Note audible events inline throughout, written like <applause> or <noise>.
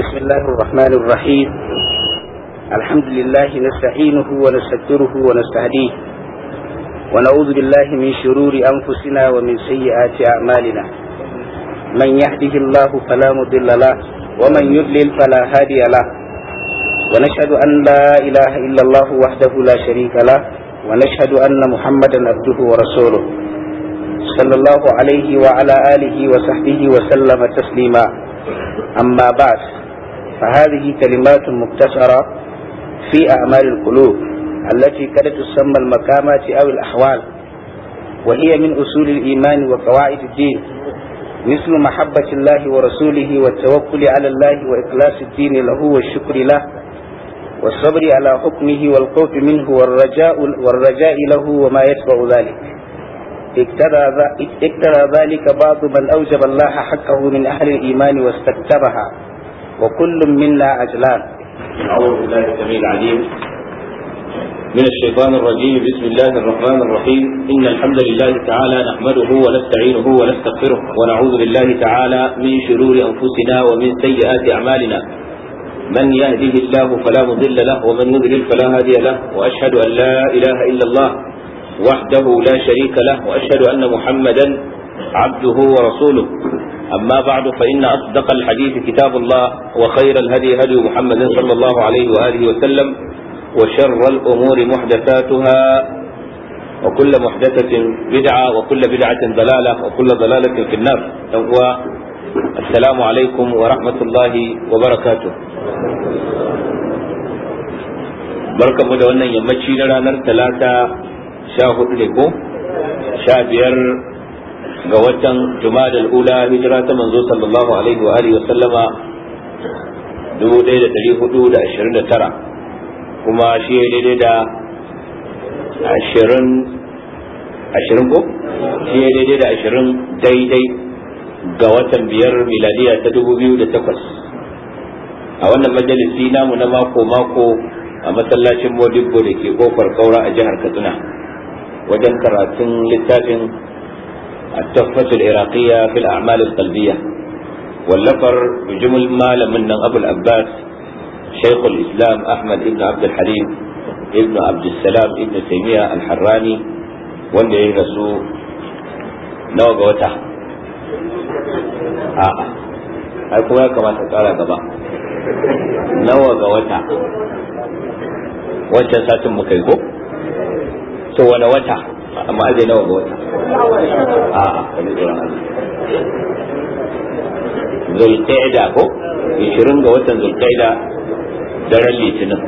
بسم الله الرحمن الرحيم الحمد لله نستعينه ونستغفره ونستهديه ونعوذ بالله من شرور أنفسنا ومن سيئات أعمالنا من يهده الله فلا مضل له ومن يضلل فلا هادي له ونشهد أن لا إله إلا الله وحده لا شريك له ونشهد أن محمدا عبده ورسوله صلى الله عليه وعلى آله وصحبه وسلم تسليما أما بعد فهذه كلمات مقتصرة في أعمال القلوب التي قد تسمى المقامات أو الأحوال وهي من أصول الإيمان وقواعد الدين مثل محبة الله ورسوله والتوكل على الله وإخلاص الدين له والشكر له والصبر على حكمه والخوف منه والرجاء, والرجاء له وما يتبع ذلك اقترى ذلك بعض من أوجب الله حقه من أهل الإيمان واستكتبها وكل منا أجلال أعوذ بالله السميع العليم من الشيطان الرجيم بسم الله الرحمن الرحيم إن الحمد لله تعالى نحمده ونستعينه ونستغفره ونعوذ بالله تعالى من شرور أنفسنا ومن سيئات أعمالنا من يهده الله فلا مضل له ومن يضلل فلا هادي له وأشهد أن لا إله إلا الله وحده لا شريك له وأشهد أن محمدا عبده ورسوله أما بعد فإن أصدق الحديث كتاب الله وخير الهدي هدي محمد صلى الله عليه وآله وسلم وشر الأمور محدثاتها وكل محدثة بدعة وكل بدعة ضلالة وكل ضلالة في النار السلام عليكم ورحمة الله وبركاته بركة مدونة يمشي لنا نرتلاتا شاهد لكم شابير ga watan jumadal ula hijira ta manzo sallallahu alaihi wa alihi wa sallama 1429 kuma shi ya daidai da 20 ashirin ko shi ya daidai da 20 daidai ga watan biyar miladiya ta 2008 a wannan majalisi namu na mako mako a masallacin modibbo da ke kofar kaura a jihar katsina wajen karatun littafin التحفة العراقية في الأعمال القلبية واللفر بجمل ما لمن أبو العباس شيخ الإسلام أحمد ابن عبد الحليم ابن عبد السلام ابن تيمية الحراني wanda ya rasu وتا آه. wata a'a كما تقال ya kamata وتا gaba ساتم مكيبو wata wancan amma aje nawa ga wata a a kaji tsoron Allah zulqaida ko 20 ga watan zulqaida daren litinin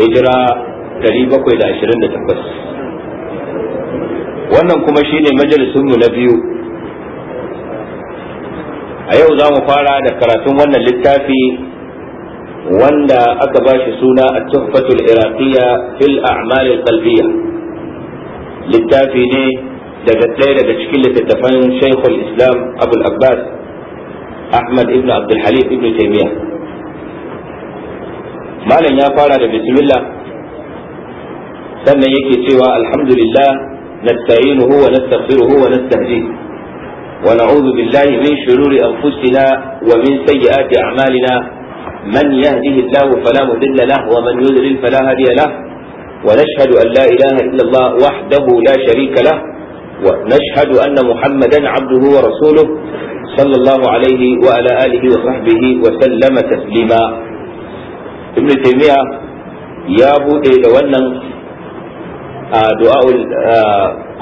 hijira 728 wannan kuma shine majalisunmu na biyu a yau za mu fara da karatun wannan littafi wanda aka ba shi suna a tuhfatul iraqiyya fil a'mal al-qalbiyya littafi ne daga ɗaya daga cikin littattafan shaikhul islam abul abbas ahmad ibn abdulhalif ibn taimiya malam ya fara da bismillah sannan yake cewa alhamdulillah nasta'inuhu wa nastaghfiruhu wa nastahdih wa na'udhu billahi min shururi anfusina wa min sayyiati a'malina man yahdihillahu fala mudilla lahu wa man yudlil fala hadiya yala. ونشهد أن لا إله إلا الله وحده لا شريك له ونشهد أن محمدا عبده ورسوله صلى الله عليه وعلى آله وصحبه وسلم تسليما ابن تيمية يا بودي لونا دعاء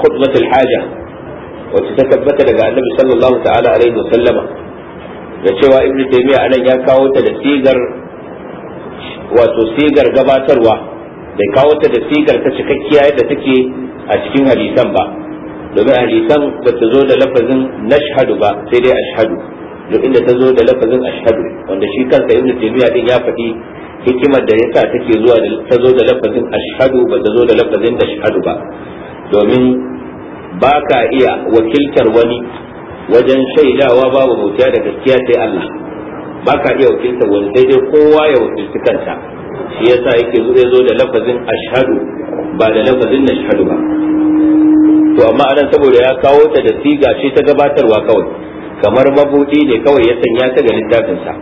خطبة الحاجة وتتثبت لك النبي صلى الله تعالى عليه وسلم da cewa ibn taymiya anan ya kawo ta da sigar wato sigar gabatarwa bai kawo ta da sigar ta cikakkiya yadda take a cikin hadisan ba domin hadisan ba ta zo da lafazin nashhadu ba sai dai ashhadu duk inda ta zo da lafazin ashhadu wanda shi kansa ibnu taymiya din ya faɗi hikimar da yasa take zuwa ta zo da lafazin ashhadu ba ta zo da lafazin nashhadu ba domin ba ka iya wakiltar wani wajen shaidawa babu mutiya da gaskiya sai Allah ba ka iya wakiltar wani sai dai kowa ya wakilci kansa shi yasa yake zai zo da lafazin ashhadu ba da lafazin nashhadu ba to amma anan saboda ya kawo ta da siga ce ta gabatarwa kawai kamar mabudi ne kawai ya sanya ta ga littafin sa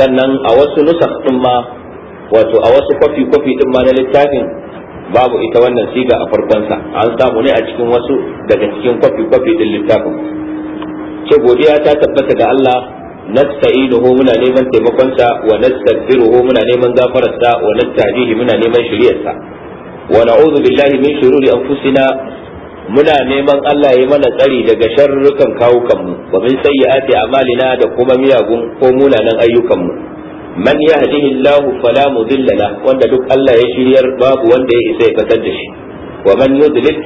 sannan a wasu nusakh din ma wato a wasu kwafi kwafi din ma na littafin babu ita wannan siga a farkon sa an samu ne a cikin wasu daga cikin kwafi kwafi din littafin ce godiya ta tabbata ga Allah nasta'inuhu muna neman taimakonsa wa nastaghfiruhu muna neman gafararsa wa nasta'dihi muna neman shiriyarsa wa na'udhu billahi min shururi anfusina muna neman Allah ya mana tsari daga sharrukan kawukanmu wa min sayyiati a'malina da kuma miyagun ko munanan ayyukanmu man yahdihillahu fala mudilla la wanda duk Allah ya shiryar babu wanda ya isa ya fatar da shi wa man yudlil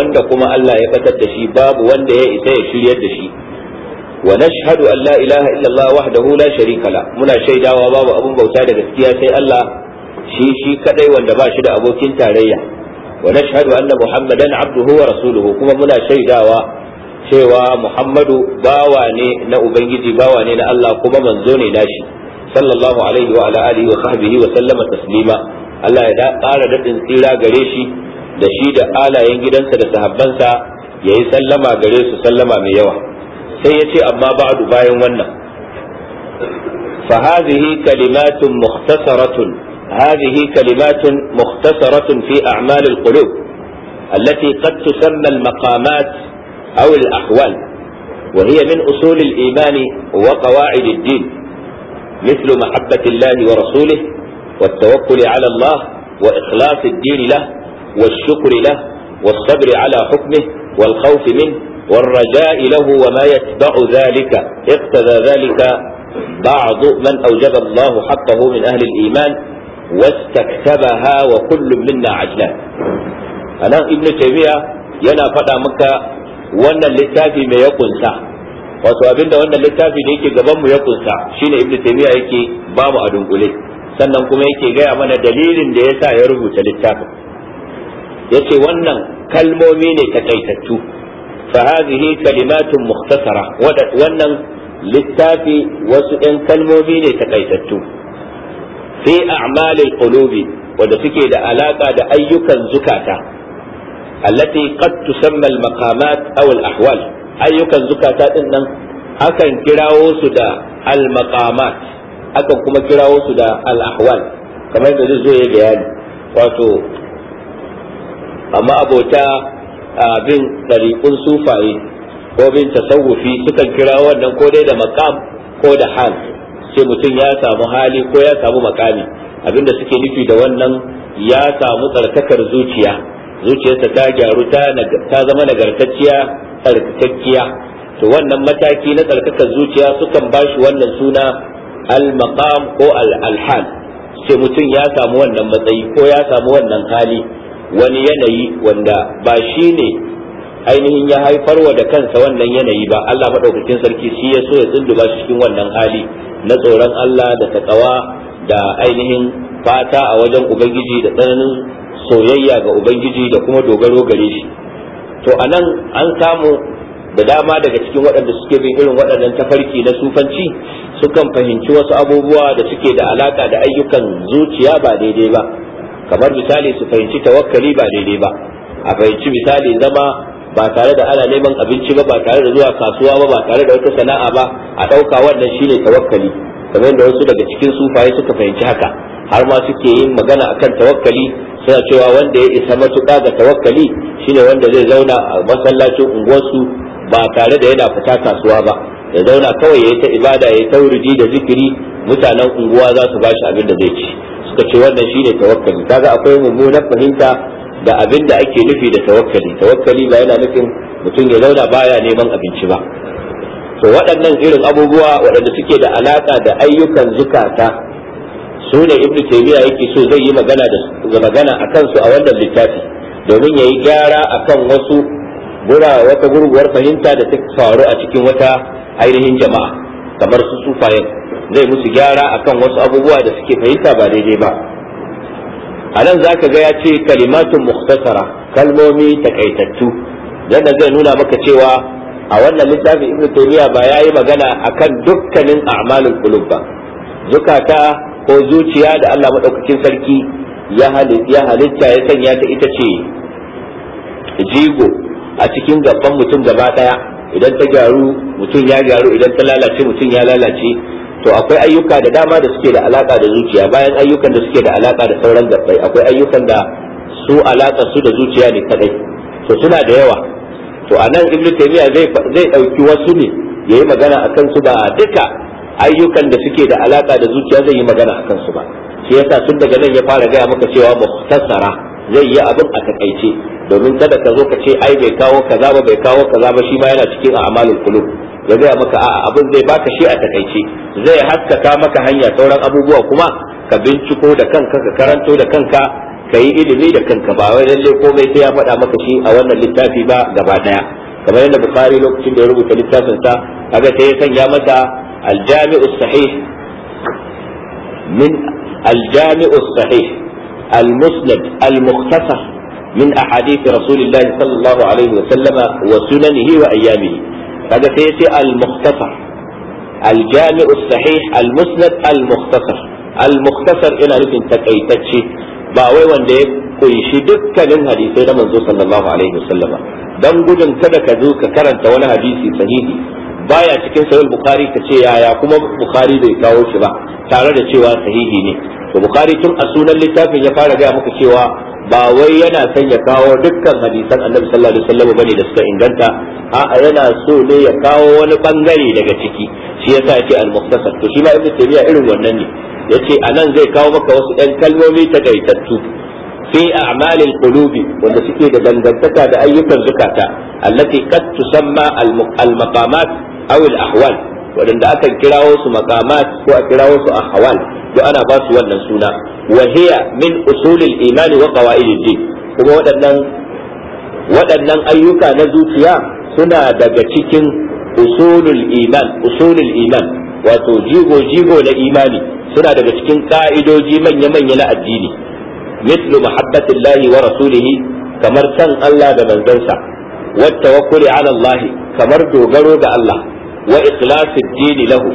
wanda kuma Allah ya fatar da shi babu wanda ya isa ya shiryar da shi ونشهد أن لا إله إلا الله وحده لا شريك له منا شيدا وباب أبو بوتا allah سي الله شي شي كدي وند da abokin tarayya ونشهد أن محمدا عبده ورسوله kuma muna shaidawa cewa Muhammadu bawa ne na ubangiji bawa ne na Allah kuma manzo ne nashi sallallahu alaihi wa ala wa sahbihi wa sallama taslima Allah ya ƙara daɗin tsira gare shi da shi da alayen gidansa da sahabbansa yayi sallama gare su sallama mai yawa sai ya ce amma ba'du bayan wannan fa hadhihi kalimatun mukhtasaratun hadhihi kalimatun mukhtasaratun fi a'mal al-qulub allati qad tusamma al-maqamat aw al-ahwal wa hiya min usul al-iman wa qawa'id ad-din مثل محبة الله ورسوله والتوكل على الله وإخلاص الدين له والشكر له والصبر على حكمه والخوف منه Warraja. له وما يتبع ذلك اقتضى ذلك بعض من أوجب الله حقه من أهل الإيمان واستكتبها وكل yana faɗa maka wannan littafi mai ya kunsa wato abinda wannan littafi da yake gaban mu ya kunsa shine ibnu taymiya yake bamu a dunkule sannan kuma yake gaya mana dalilin da ya sa ya rubuta littafin yace wannan kalmomi ne takaitattu fa hadhihi kalimatun mukhtasara wannan littafi wasu 'yan kalmomi ne takaitattu Sai a'malil qulubi wanda suke da alaka da ayyukan zukata allati qad tusamma al maqamat aw ahwal ayyukan zukata din nan akan kirawo su da al maqamat akan kuma kirawo su da al ahwal kamar da zai zo ya bayani wato amma abota abin ɗariƙun sufaye ko bin tasawufi sukan kira wannan ko dai da makam ko da hal sai mutum ya samu hali ko ya samu makami abinda suke nufi da wannan ya samu tsarkakar zuciya zuciyarsa ta gyaru ta zama nagartacciya tsarkakakkiya to wannan mataki na tsarkakar zuciya sukan shi wannan suna al-maqam ko al-hal sai mutum ya samu wannan matsayi ko ya samu wannan hali wani yanayi wanda ba shi ne ainihin ya haifarwa da kansa wannan yanayi ba Allah maɗaukakin sarki shi ya so ya tsunduba shi cikin wannan hali na tsoron Allah da takawa da ainihin fata a wajen ubangiji da tsananin soyayya ga ubangiji da kuma dogaro gare shi to anan an samu da dama daga cikin waɗanda suke bin irin waɗannan tafarki na sufanci sukan fahimci wasu abubuwa da suke da alaka da ayyukan zuciya ba daidai ba kamar misali su fahimci tawakkali ba daidai ba a fahimci misali zama ba tare da ana neman abinci ba ba tare da zuwa kasuwa ba ba tare da wata sana'a ba a ɗauka wannan shine tawakkali kamar da wasu daga cikin sufaye suka fahimci haka har ma suke yin magana akan tawakkali suna cewa wanda ya isa matuƙa ga tawakkali shine wanda zai zauna a masallacin unguwarsu ba tare da yana fita kasuwa ba ya zauna kawai ya yi ta ibada ya yi tauridi da zikiri mutanen unguwa za su bashi abin da zai ci ka ce wannan shine tawakkali kaga akwai mummunar fahimta da abin da ake nufi da tawakkali tawakkali ba yana nufin mutum ya zauna baya neman abinci ba to waɗannan irin abubuwa waɗanda suke da alaƙa da ayyukan zukata su ne ibnu taymiya yake so zai yi magana da magana akan su a wannan littafi domin yayi gyara akan wasu gura wata gurguwar fahimta da ta faru a cikin wata ainihin jama'a kamar su sufayen zai musu gyara akan wasu abubuwa da suke fahimta ba daidai ba a nan za ka ga ya ce kalimatun muktasara kalmomi takaitattu yadda zai nuna maka cewa a wannan littafin ibn taymiya ba ya yi magana akan dukkanin a'malin kulub ba zukata ko zuciya da Allah maɗaukacin sarki ya halitta ya sanya ta ita ce jigo a cikin gaban mutum gaba daya idan ta gyaru mutum ya gyaru idan ta lalace mutum ya lalace to akwai ayyuka da dama da suke da alaka da zuciya bayan ayyukan da suke da alaka da sauran gabbai akwai ayyukan da su alaka su da zuciya ne kadai to suna da yawa to anan ibnu taymiya zai zai dauki wasu ne yayi magana akan su ba duka ayyukan da suke da alaka da zuciya zai yi magana akan su ba shi yasa tun daga nan ya fara gaya maka cewa muhtasara zai yi abin a takaice domin kada ka zo ka ce ai bai kawo kaza ba bai kawo kaza ba shi ma yana cikin a'malul qulub ya gaya maka a abin zai baka shi a takaice zai haskaka maka hanya sauran abubuwa kuma ka binciko da kanka ka karanto da kanka ka yi ilimi da kanka ba wai lalle komai sai ya faɗa maka shi a wannan littafi ba gaba daya kamar yadda bukhari lokacin da ya rubuta littafin sa kaga sai ya sanya mata aljami'us sahih min aljami'us sahih المسند المختصر من أحاديث رسول الله صلى الله عليه وسلم وسننه وأيامه kaga sai yace al-mukhtasar al-jami'u sahih al-musnad al-mukhtasar al-mukhtasar ina nufin takaitacce ba wai wanda ya kunshi dukkanin hadisai na manzo sallallahu alaihi wasallam dan gudun kada ka zo ka karanta wani hadisi sahihi baya cikin sahih bukhari ka ce yaya kuma bukhari bai kawo shi ba tare da cewa sahihi ne to bukhari tun a sunan littafin ya fara gaya muku cewa ba wai yana son ya kawo dukkan hadisan annabi sallallahu alaihi wasallam bane da suka inganta a'a yana so ne ya kawo wani bangare daga ciki shi yasa yake al-mukhtasar to shi ma ibnu taymiya irin wannan ne yace anan zai kawo maka wasu ɗan kalmomi takaitattu fi a'malil qulubi wanda suke da dangantaka da ayyukan zukata allati qad tusamma al-maqamat awil ahwal waɗanda akan kirawo su maqamat ko a kirawo su ahwal to ana ba su wannan suna wa hiya min usulil iman wa qawaidid din kuma waɗannan waɗannan ayyuka na zuciya suna daga cikin usulul iman usulul iman wato jigo jigo na imani suna daga cikin ka'idoji manya manya na addini mislu mahabbatillahi wa rasulihi kamar san Allah da manzansa wa tawakkuli ala Allah kamar dogaro ga Allah wa ikhlasu dini lahu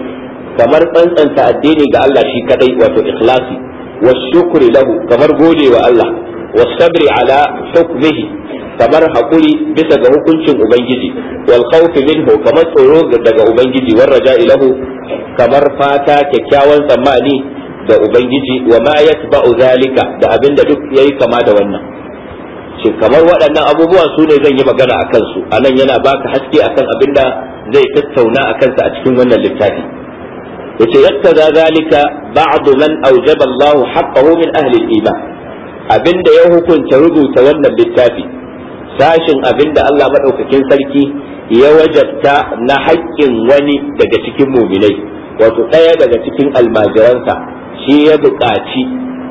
kamar tsantsanta addini ga Allah shi kadai wato ikhlasi wa shukri lahu kamar gode wa Allah wa sabri ala hukmihi kamar hakuri bisa ga hukuncin ubangiji wal khawfi minhu kamar tsoro daga ubangiji war raja'i lahu kamar fata kyakkyawan tsammani da ubangiji wa ma yatba'u zalika da abinda duk yayi kama da wannan ce kamar waɗannan abubuwan su ne zan yi magana a kansu a nan yana baka haske akan abin da zai tattauna a kansa a cikin wannan littafi yadda za zalika ba'du man awjaba Allah haqqahu min ahli al-iman abinda ya hukunta rubuta wannan littafi sashin abinda Allah madaukakin sarki ya wajabta na haƙƙin wani daga cikin muminai wato ɗaya daga cikin almajiransa shi ya buƙaci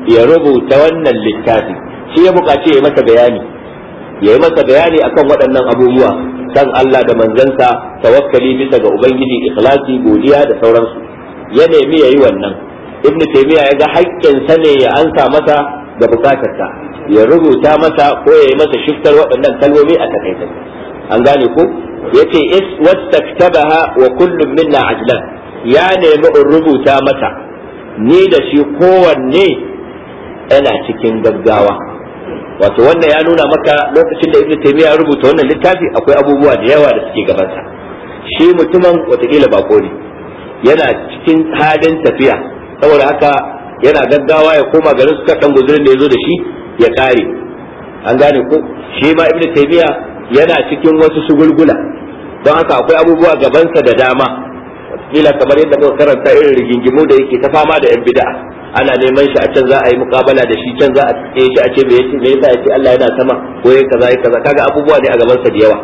ya rubuta wannan littafi shi ya bukaci ya yi masa bayani ya yi masa bayani akan waɗannan abubuwa kan Allah da manzansa tawakkali bisa ga ubangiji ikhlasi godiya da sauransu ya nemi ya yi wannan ibnu taymiya ya ga haƙƙin sa ne ya ansa masa ga bukatarsa ya rubuta masa ko ya yi masa shiftar waɗannan kalmomi a takaita an gane ko yace is wastaktabaha wa kullu minna ajlan ya nemi in rubuta masa ni da shi kowanne yana cikin gaggawa wato wannan ya nuna maka lokacin da ibnu taymiya ya rubuta wannan littafi akwai abubuwa da yawa da suke gabansa shi mutumin watakila bako ne yana cikin halin tafiya saboda haka yana gaggawa ya koma garin su dan guzurin da ya zo da shi ya kare an gane ko shi ma ibnu taymiya yana cikin wasu shugulgula don haka akwai abubuwa gabansa da dama watakila kamar yadda muka karanta irin rigingimu da yake ta fama da yan bid'a ana neman shi a can za a yi mukabala da shi can za a tsaye a ce me me yasa yace Allah yana sama ko yayi kaza yayi kaza kaga abubuwa ne a gaban sa da yawa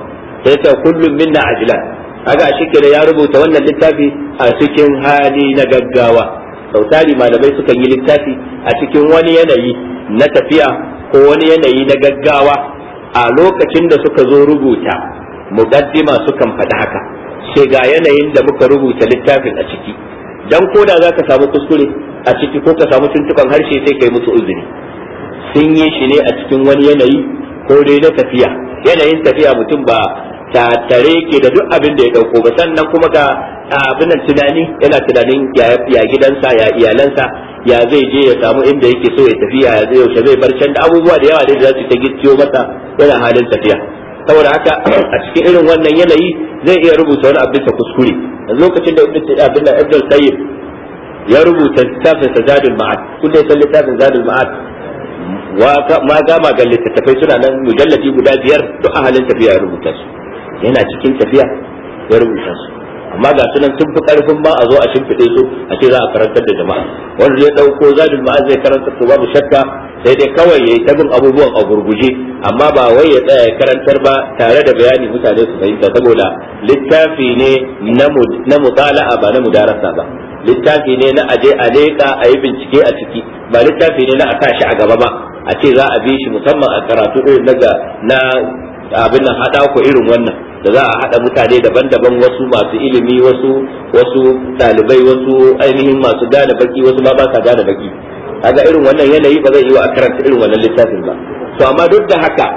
sai ta kullum minna ajlan kaga a shike ya rubuta wannan littafi a cikin hali na gaggawa sautari malamai suka yi littafi a cikin wani yanayi na tafiya ko wani yanayi na gaggawa a lokacin da suka zo rubuta muqaddima sukan faɗi haka sai ga yanayin da muka rubuta littafin a ciki dan koda za ka samu kuskure a ciki ko ka samu tuntukan harshe sai kai musu uzuri sun yi shi ne a cikin wani yanayi ko dai na tafiya yanayin tafiya mutum ba tare ke da duk abin da ya dauko ba sannan kuma ga abin nan tunani yana tunanin ya gidansa ya iyalansa ya zai je ya samu inda yake so ya tafiya ya zai yaushe zai bar can da abubuwa da yawa da za su ta gicciyo masa yana halin tafiya saboda haka a cikin irin wannan yanayi zai iya rubuta wani abin sa kuskure lokacin da ibnu abdullah ibnu qayyim ya rubuta littafin sa zadul ma'ad kun dai san littafin zadul ma'ad ma gama ga littattafai suna nan mujalladi guda biyar duk ahalin tafiya ya rubuta su yana cikin tafiya ya rubuta su amma ga sunan sun fi karfin ma a zo a shimfiɗe su a ce za a karantar da jama'a wanda ya ɗauko zadul ma'ad zai karanta su babu shakka sai dai kawai yayi ta bin abubuwan a gurguje amma ba wai ya tsaya karantar ba tare da bayani mutane su fahimta saboda littafi ne na mutala'a ba na mudarasa ba littafi ne na aje a leƙa a yi bincike a ciki ba littafi ne na a tashi a gaba ba a ce za a bi shi musamman a karatu irin na abin nan haɗa ko irin wannan da za a haɗa mutane daban-daban wasu masu ilimi wasu wasu ɗalibai wasu ainihin masu gane baki wasu ma ba sa gane baki kaga irin wannan yanayi ba zai yi wa a karanta irin wannan littafin ba to amma duk da haka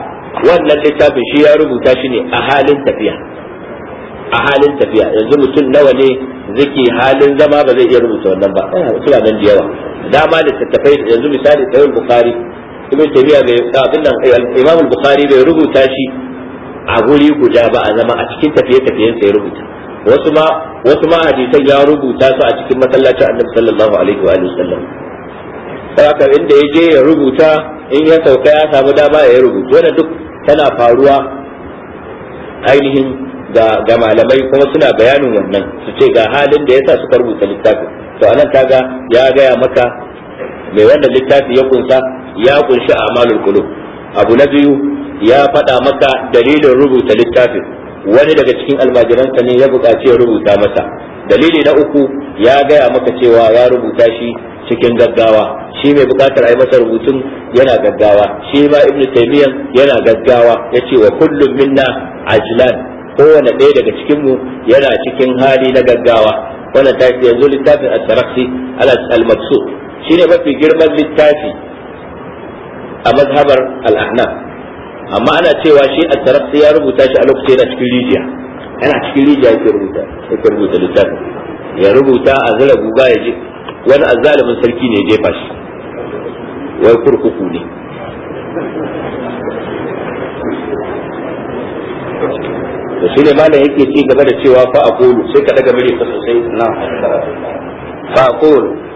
wannan littafin shi ya rubuta shi ne a halin tafiya a halin tafiya yanzu mutum nawa ne zake halin zama ba zai iya rubuta wannan ba eh, suna nan da yawa dama littattafai yanzu misali sahih bukhari ibn tabiya bai abin nan eh, imam bukhari bai rubuta shi a guri guda ba a zama a cikin tafiye-tafiyen sai rubuta wasu ma wasu ma hadisan ya rubuta su a cikin masallacin annabi sallallahu alaihi wa sallam saka inda ya je ya rubuta in ya sauka ya samu dama ya rubuta wannan duk tana faruwa ainihin ga malamai kuma suna bayanin wannan su ce ga halin da yasa suka rubuta littafin to anan kaga ya gaya maka mai wannan littafi ya kunsa ya kunshi a amalul qulub abu na biyu ya faɗa maka dalilin rubuta littafin wani daga cikin almajiransa ne ya buƙaci ya rubuta masa dalili na uku ya gaya maka cewa ya rubuta shi cikin gaggawa shi mai buƙatar a yi masa rubutun yana gaggawa shi ma ibnu taymiyan yana gaggawa ya ce wa kullum minna ajlan kowane ɗaya daga cikinmu yana cikin hali na gaggawa wannan ta yanzu littafin as-sarakhsi al-maksud shine mafi girman littafi a mazhabar al-ahnaf amma ana cewa shi a tarakta ya rubuta shi a lokacin yana cikin rijiya yana cikin rijiya yake rubuta yake rubuta littafi ya rubuta a zira guga ya je wani zalimin sarki ne ya jefa shi wai kurkuku ne da shi ne malam yake ci gaba da cewa fa aqulu sai ka daga mure ta sosai na fa aqulu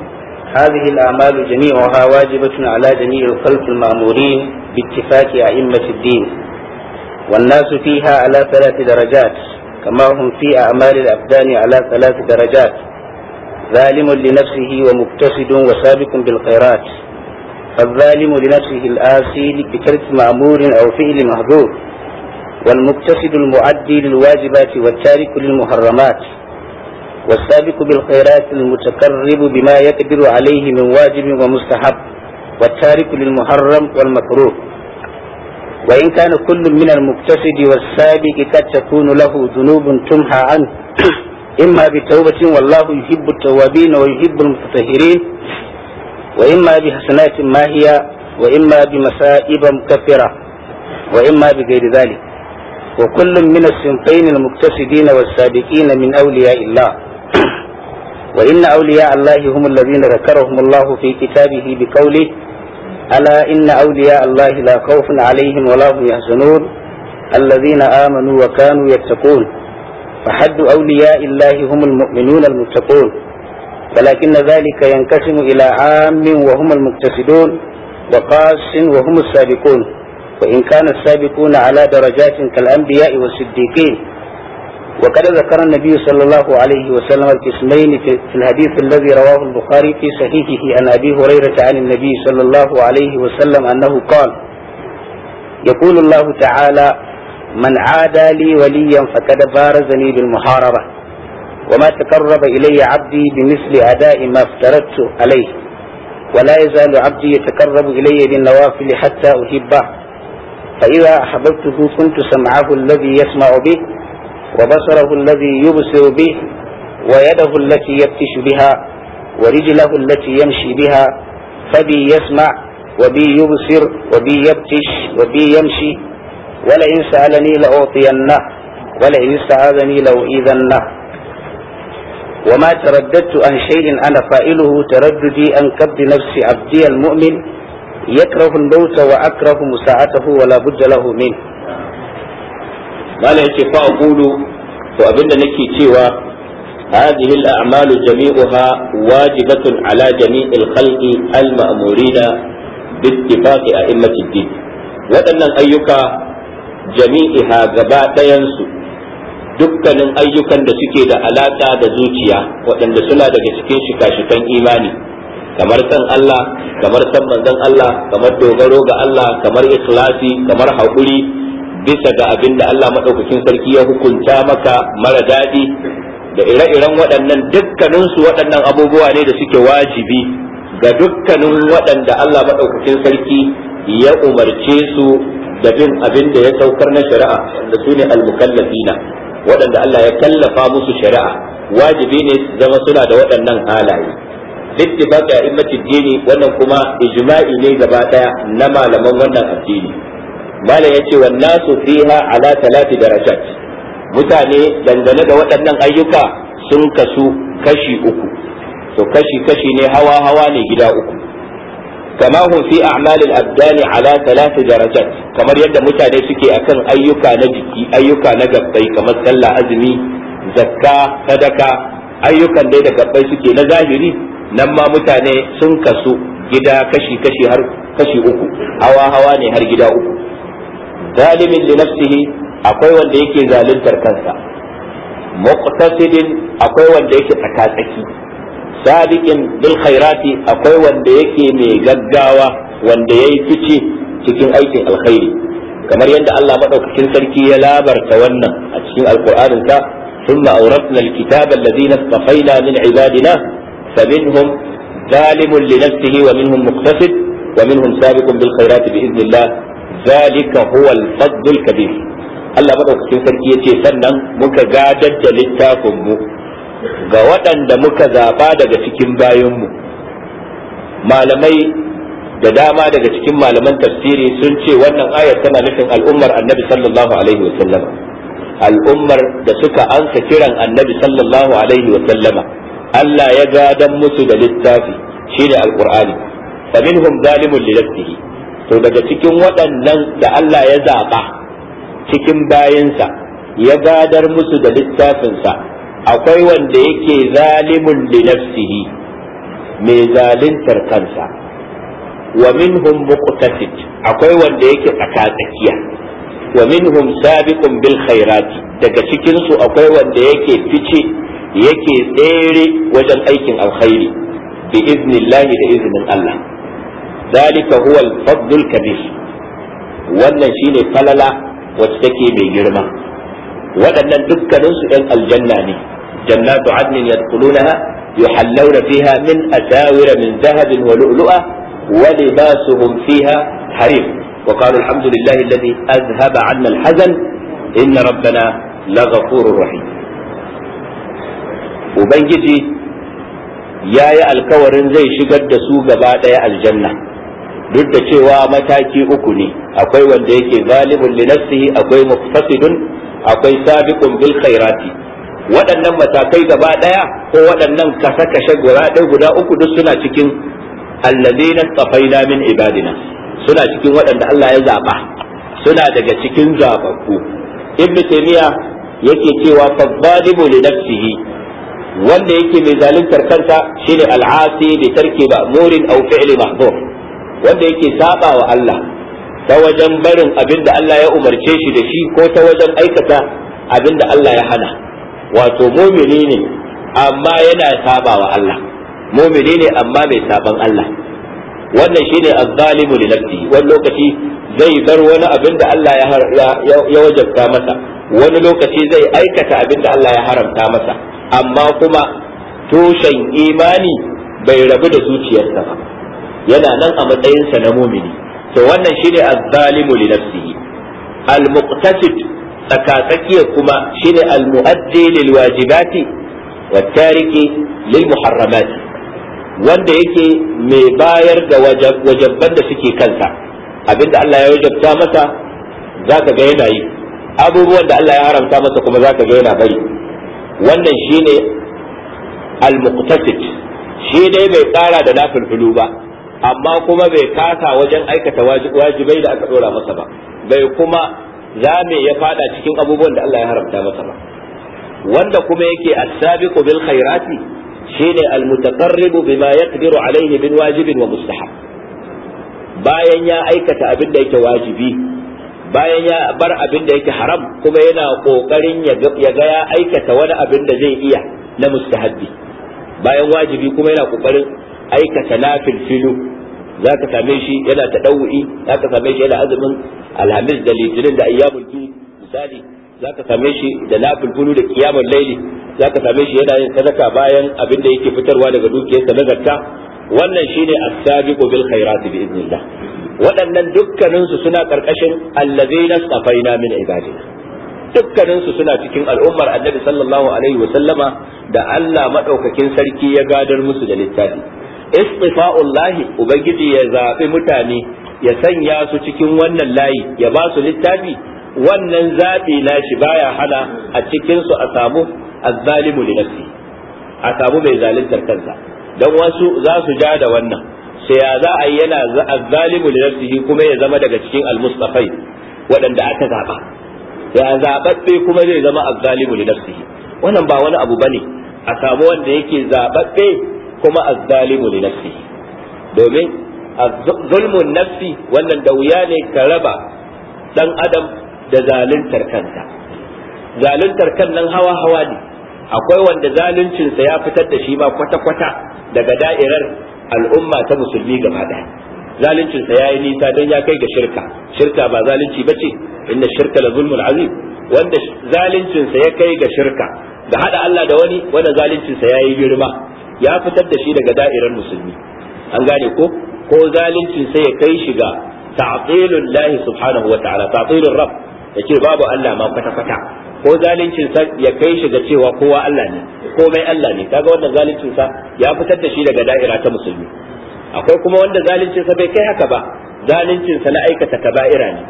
هذه الأعمال جميعها واجبة على جميع الخلق المأمورين باتفاق أئمة الدين والناس فيها على ثلاث درجات كما هم في أعمال الأبدان على ثلاث درجات ظالم لنفسه ومقتصد وسابق بالخيرات فالظالم لنفسه الآسي بترك مأمور أو فعل محظور والمقتصد المعدي للواجبات والتارك للمحرمات والسابق بالخيرات المتقرب بما يقدر عليه من واجب ومستحب والتارك للمحرم والمكروه وإن كان كل من المقتصد والسابق قد تكون له ذنوب تمحى عنه إما بتوبة والله يحب التوابين ويحب المتطهرين وإما بحسنات ماهية وإما بمسائب مكفرة وإما بغير ذلك وكل من الصنفين المقتصدين والسابقين من أولياء الله <clears throat> وإن أولياء الله هم الذين ذكرهم الله في كتابه بقوله ألا إن أولياء الله لا خوف عليهم ولا هم يحزنون الذين آمنوا وكانوا يتقون فحد أولياء الله هم المؤمنون المتقون ولكن ذلك ينقسم إلى عام وهم المقتصدون وقاس وهم السابقون وإن كان السابقون على درجات كالأنبياء والصديقين وقد ذكر النبي صلى الله عليه وسلم القسمين في الحديث الذي رواه البخاري في صحيحه عن أبي هريرة عن النبي صلى الله عليه وسلم أنه قال يقول الله تعالى من عادى لي وليا فقد بارزني بالمحاربة وما تقرب إلي عبدي بمثل أداء ما افترضت عليه ولا يزال عبدي يتقرب إلي بالنوافل حتى أحبه فإذا أحببته كنت سمعه الذي يسمع به وبصره الذي يبصر به ويده التي يبتش بها ورجله التي يمشي بها فبي يسمع وبي يبصر وبي يبتش وبي يمشي ولئن سألني لأعطينه ولئن استعاذني لأؤيذنه وما ترددت عن شيء أنا فائله ترددي أن كبد نفسي عبدي المؤمن يكره الموت وأكره مساعته ولا بد له منه mala yace fa aqulu to abinda nake cewa هذه الأعمال جميعها واجبة على جميع الخلق المأمورين باتفاق أئمة الدين وأن أيك جميعها غباء su dukkanin ayyukan da suke da alaƙa da zuciya waɗanda suna daga cikin shika-shikan imani kamar san Allah kamar san manzon Allah kamar dogaro ga Allah kamar ikhlasi kamar haƙuri bisa ga abin da Allah maɗaukakin sarki ya hukunta maka mara daɗi da ire-iren waɗannan dukkaninsu waɗannan abubuwa ne da suke wajibi ga dukkanin waɗanda Allah maɗaukakin sarki ya umarce su da bin abin da ya saukar na shari'a da su ne almukallafina waɗanda Allah ya kallafa musu shari'a wajibi ne su zama suna da waɗannan halaye bittifaqi a immatid dini wannan kuma ijma'i ne gaba ɗaya na malaman wannan addini malam ce wannan su fiha ala talati darajat mutane dangane da waɗannan ayyuka sun kasu kashi uku to kashi kashi ne hawa hawa ne gida uku kama hum fi a'malil abdani ala talati darajat kamar yadda mutane suke akan ayyuka na jiki ayyuka na gabbai kamar sallah azumi zakka sadaka ayyukan dai da gabbai suke na zahiri nan ma mutane sun kasu gida kashi kashi har kashi uku hawa hawa ne har gida uku zalimin li akwai wanda yake zaluntar kansa muqtasidin akwai wanda yake tsakatsaki sadiqin bil khairati akwai wanda yake mai gaggawa wanda yayi fice cikin aikin alkhairi kamar yadda Allah madaukakin sarki ya labarta wannan a cikin alqur'aninsa min أورثنا الكتاب الذين zalimun من عبادنا فمنهم ظالم لنفسه ومنهم مقتصد ومنهم سابق بالخيرات bi الله zalika huwa al-fadl al-kabir Allah madaukakin sarki yace sannan muka gadar da littafin ga waɗanda muka zaɓa daga cikin bayanmu. malamai da dama daga cikin malaman tafsiri sun ce wannan ayar tana nufin al'ummar annabi sallallahu alaihi wa sallama al'ummar da suka ansa kiran annabi sallallahu alaihi wa sallama Allah ya gadan musu da littafi shine Alƙur'ani, faminhum zalimun li nafsihi to daga cikin waɗannan da Allah ya zaɓa cikin bayansa ya gadar musu da littafinsa akwai wanda yake zalimun li nafsihi mai zalintar kansa wa minhum muqtasid akwai wanda yake tsaka wa minhum sabiqun bil khairati daga cikin su akwai wanda yake fice yake tsere wajen aikin alkhairi bi iznillahi da iznin Allah zalika huwa al-fadlul kabir wannan shine falala wacce take mai girma waɗannan dukkaninsu ɗan aljanna ne jannatu adnin yadkhulunaha yuhallawna fiha min asawira min dhahabin wa lu'lu'a wa libasuhum fiha harir wa qalu alhamdulillahi alladhi azhaba 'anna al-hazan inna rabbana laghafurur rahim ubangiji yayi alkawarin zai shigar da su gaba ɗaya aljanna duk da cewa mataki uku ne akwai wanda yake zalibun li nafsihi akwai muqtasidun akwai sabiqun bil khairati waɗannan matakai gaba ɗaya ko waɗannan kasa kashe guda guda uku duk suna cikin allazina tsafaina min ibadina suna cikin waɗanda Allah ya zaba suna daga cikin zababbu ibnu taymiya yake cewa fa zalibu li nafsihi wanda yake mai zaluntar kansa shine al'asi bi tarki ma'murin aw fi'li mahdhur wanda yake saba wa Allah ta wajen barin abin da Allah ya umarce shi da shi ko ta wajen aikata abin da Allah ya hana wato mumini ne amma yana saba wa Allah mumini ne amma mai saban Allah wannan shine azzalimu li nafsi wani lokaci zai bar wani abin da Allah ya wajabta masa wani lokaci zai aikata abin da Allah ya haramta masa amma kuma tushen imani bai rabu da zuciyarsa ba yana nan a matsayinsa na mumini to wannan shine az-zalimu li nafsihi al-muqtasid tsakatsakiya kuma shine al-mu'addi lil wajibati wat tariki lil muharramat wanda yake mai bayar da wajabban da suke kansa abinda Allah ya wajabta masa zaka ga yana yi abubuwan da Allah ya haramta masa kuma zaka ga yana bari wannan shine al-muqtasid shi dai bai tsara da nafilfilu ba amma kuma bai kasa wajen aikata wajibai da aka dora masa ba bai kuma zame ya fada cikin abubuwan da Allah ya haramta masa ba wanda kuma yake as-sabiqu bil khairati shine al-mutaqarribu bima yaqdiru alayhi bin wajibin wa mustahab bayan ya aikata abin da yake wajibi bayan ya bar abin da yake haram kuma yana kokarin ya ga ya aikata wani abin da zai iya na mustahabbi bayan wajibi kuma yana kokarin aikata lafil filu za ka same shi yana ta ɗau'i za ka same shi yana azumin alhamis da litinin da ayyamun biyu misali za ka same shi da lafil filu da kiyamul laili za ka same shi yana yin sadaka bayan abin da yake fitarwa daga dukiyarsa na zakka wannan shine as-sabiqu bil khairati bi idnillah waɗannan dukkaninsu suna ƙarƙashin allazina safaina min ibadina dukkaninsu suna cikin al'ummar annabi sallallahu alaihi wa sallama da Allah madaukakin sarki ya gadar musu da littafi istifa'ullahi ubangiji ya zaɓi mutane ya sanya su cikin wannan layi ya ba su littafi wannan zaɓi shi baya hana a cikin su a samu azzalimu li nafsi a samu mai zaluntar kansa dan wasu za su ja da wannan sai ya za a yana azzalimu li nafsihi kuma ya zama daga cikin almustafai waɗanda aka zaɓa ya zaɓaɓɓe kuma zai zama azzalimu li nafsihi wannan ba wani abu bane a samu wanda yake zaɓaɓɓe kuma azzalimu li nafsi domin zulmun nafsi wannan da wuya ne ka raba dan adam da zaluntar kanta. zaluntar kan nan hawa hawa ne akwai wanda zaluncinsa ya fitar da shi ma kwata-kwata daga da'irar al'umma ta musulmi gaba daya zaluncinsa ya yi nisa don ya kai ga shirka shirka ba zalunci ba ce inda shirka la zulmun azim wanda zaluncinsa ya kai ga shirka ga hada Allah da wani wanda zaluncinsa ya yi girma ya fitar da shi daga da'irar musulmi an gane ko ko zalunci sai ya kai shi ga ta'tilul lahi subhanahu wa ta'ala ta'tilur rabb yake babu Allah ma kwata kwata ko zalincin sa ya kai shi ga cewa kowa Allah ne komai Allah ne kaga wannan zalincin sa ya fitar da shi daga da'ira ta musulmi akwai kuma wanda zalincin sa bai kai haka ba zalincin sa na aikata kaba'ira ne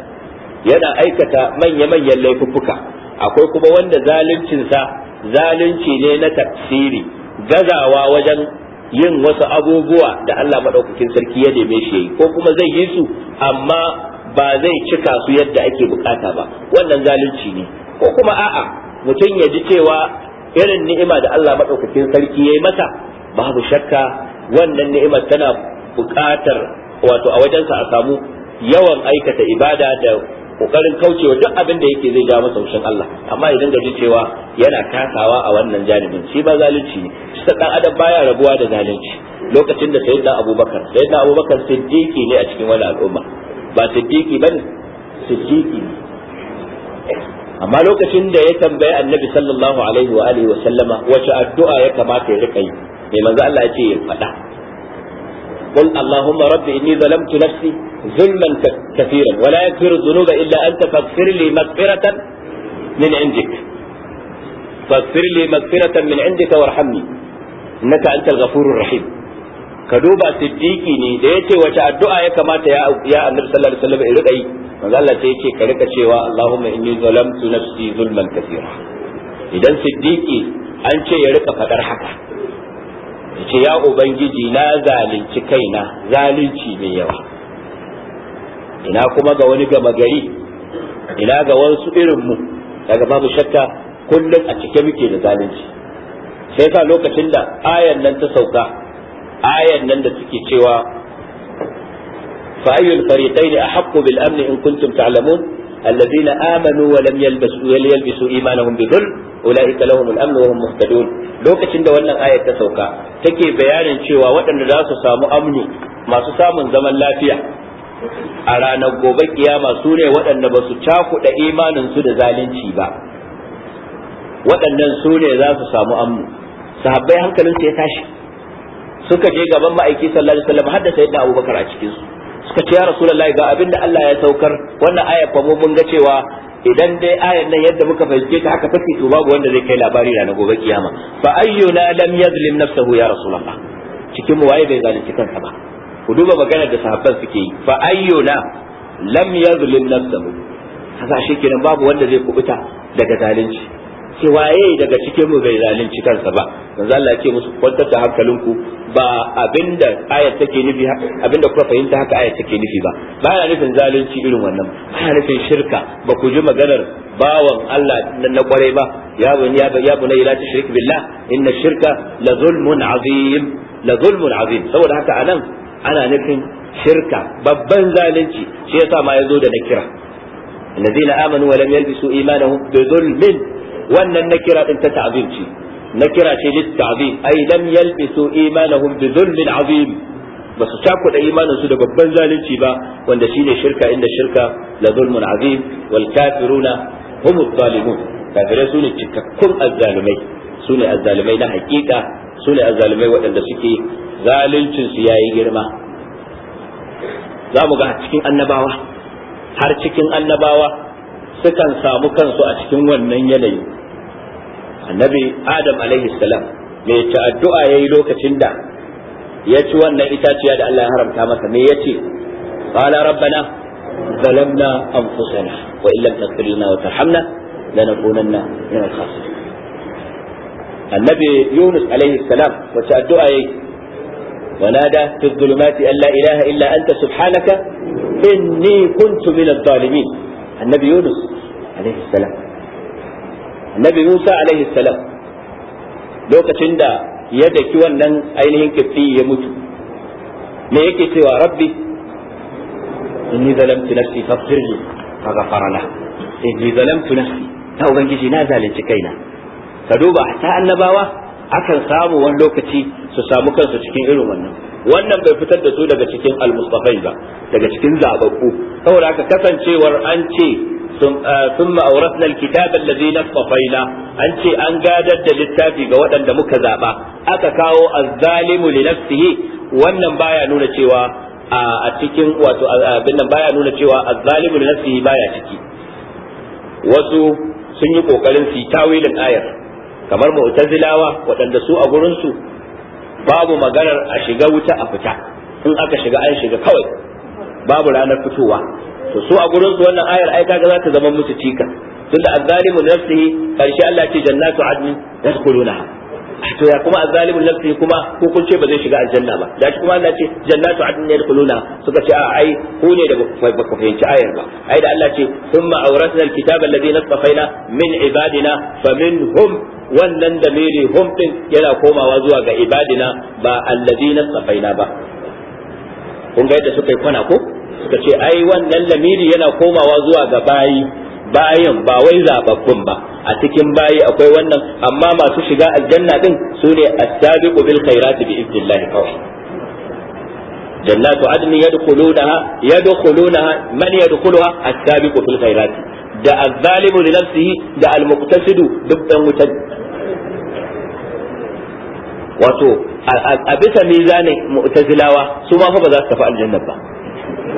yana aikata manya manyan laifuffuka akwai kuma wanda zalincin sa zalunci ne na tafsiri gazawa wajen yin wasu abubuwa da Allah maɗaukakin sarki ya neme shi yi ko kuma zai yi su amma ba zai cika su yadda ake bukata ba wannan zalunci ne ko kuma a'a mutum ya ji cewa irin ni'ima da Allah maɗaukakin sarki ya yi mata babu shakka wannan ni'imar tana bukatar wato a wajensa a samu yawan aikata ibada da kokarin kaucewa duk abin da yake zai ja masa haushin Allah amma idan da cewa yana kasawa a wannan janibin shi ba zalunci ne shi dan adam baya rabuwa da zalunci lokacin da sayyidina Abubakar sayyidina Abubakar siddiqi ne a cikin wani al'umma ba siddiqi bane siddiqi ne amma lokacin da ya tambayi annabi sallallahu alaihi wa alihi wa sallama wace addu'a ya kamata ya rika yi mai manzo Allah ya ce ya faɗa قل اللهم رب إني ظلمت نفسي ظلما كثيرا ولا يغفر الذنوب إلا أنت فاغفر لي مغفرة من عندك فاغفر لي مغفرة من عندك وارحمني إنك أنت الغفور الرحيم ka duba Siddiki ne da yace wace addu'a ya kamata ya ya annabi sallallahu alaihi wasallam ya rika yace ka rika cewa Allahumma inni zalamtu nafsi zulman kathira idan an ce ya rika faɗar haka ce ya ubangiji na zalunci kaina zalunci mai yawa ina kuma ga wani gama gari ina ga wasu irinmu daga babu shakka kullum a cike muke da zalunci sai sa lokacin da ayan nan ta sauka ayan nan da suke cewa fa ayyul fariqaini ahaqqu bil amni in kuntum ta'lamun الذين آمنوا ولم يلبسوا يلبسوا إيمانهم بظلم أولئك لهم الأمن وهم مهتدون lokacin da wannan ayar ta sauka take bayanin cewa waɗanda za su samu amnu masu samun zaman lafiya a ranar gobe kiyama su ne waɗanda ba su cakuɗa imaninsu da zalunci ba waɗannan su ne za su samu amnu sahabbai hankalinsu ya tashi suka je gaban ma'aiki sallallahu alaihi wasallam har da Abu abubakar a cikinsu suka ce ya rasulullahi ga abin da Allah ya saukar wannan ayar fa mun ga cewa idan dai ayar nan yadda muka fahimce ta haka take to babu wanda zai kai labari da na gobe kiyama fa ayyuna lam yazlim nafsahu ya rasulullah cikin mu waye bai zalunci kansa ba ku duba maganar da sahabban suke yi fa ayyuna lam yazlim nafsahu haka shi kenan babu wanda zai kubuta daga zalunci ce waye daga cikin mu bai zalunci kansa ba manzo Allah ya ce musu kwantar da hankalinku ba abinda ayat take nufi abinda kuka fahimta haka ayat take nufi ba ba yana nufin zalunci irin wannan ba yana nufin shirka ba ku ji maganar bawan Allah na kwarai ba ya bani ya bani la tushrik billah inna shirka la zulmun azim la zulmun azim saboda haka anan ana nufin shirka babban zalunci shi yasa ma yazo da nakira الذين آمنوا ولم يلبسوا إيمانهم بظلم wannan na kira din ta ta'zim ce nakira ce lit ta'zim ai lam yalbisu imanahum bi dhulmin azim ba su cakuɗa imanin su da babban zalunci ba wanda shine shirka inda shirka la zulmun azim wal kafiruna hum zalimun kafirai sune cikakkun azzalumai sune azzalumai na hakika sune azzalumai waɗanda suke zaluncin su yayi girma za mu ga cikin annabawa har cikin annabawa sukan samu kansu a cikin wannan yanayin. annabi adam alaihi salam mai ta addu'a yayi lokacin da ya ci wannan itaciya da Allah ya haramta masa me yace qala rabbana zalamna anfusana wa illam taghfir wa tarhamna lanakunanna min al-khasirin annabi yunus alaihi salam wace addu'a yayi ونادى في الظلمات أن لا إله إلا أنت سبحانك إني كنت من الظالمين النبي يونس عليه السلام annabi Musa alaihi salam lokacin da ya daki wannan ainihin kifi ya mutu me yake cewa rabbi inni zalamtu nafsi faghfir li faghfara la inni zalamtu nafsi ta ubangiji na zalunci kaina ka duba ta annabawa akan samu wani lokaci su samu kansu cikin irin wannan wannan bai fitar da su daga cikin almustafai ba daga cikin zababbu saboda aka kasancewar an ce ثم أورثنا الكتاب الذي اصطفينا أنت أن قادة للتافي قوات أن مكذابة أتكاو الظالم لنفسه wannan baya nuna cewa a cikin wato abin nan baya nuna cewa azzalimu na nafsihi baya ciki wasu sun yi kokarin su tawilin ayar kamar mu'tazilawa waɗanda su a gurin su babu maganar a shiga wuta a fita in aka shiga an shiga kawai babu ranar fitowa to su a gurin su wannan ayar ai kaga za ta zama musu cika. tunda azzalimu nafsihi karshe Allah ce jannatu adnin yadkhulunaha ah, to ya kuma azzalimu nafsihi kuma ko kun ce ba zai shiga aljanna ba da kuma Allah ce jannatu adnin yadkhuluna suka ce a ai ku ne da ba ku fahimci ayar ba ai da Allah ce thumma awrasna alkitaba alladhi nasfaina min ibadina faminhum wannan da mere hum din yana komawa zuwa ga ibadina ba alladhi nasfaina ba kun ga yadda suka yi kwana ko suka ce ai wannan lamiri yana komawa zuwa ga bayi bayan ba wai zababbun ba a cikin bayi akwai wannan amma masu shiga aljanna din su ne as-sabiqu bil khairati bi idnillah kawai jannatu adni yadkhulunaha yadkhulunaha man yadkhuluha as-sabiqu bil khairati da az-zalimu li nafsihi da al-muqtasidu duk dan wutar wato a bisa mizanin mu'tazilawa su ma fa ba za su tafi aljanna ba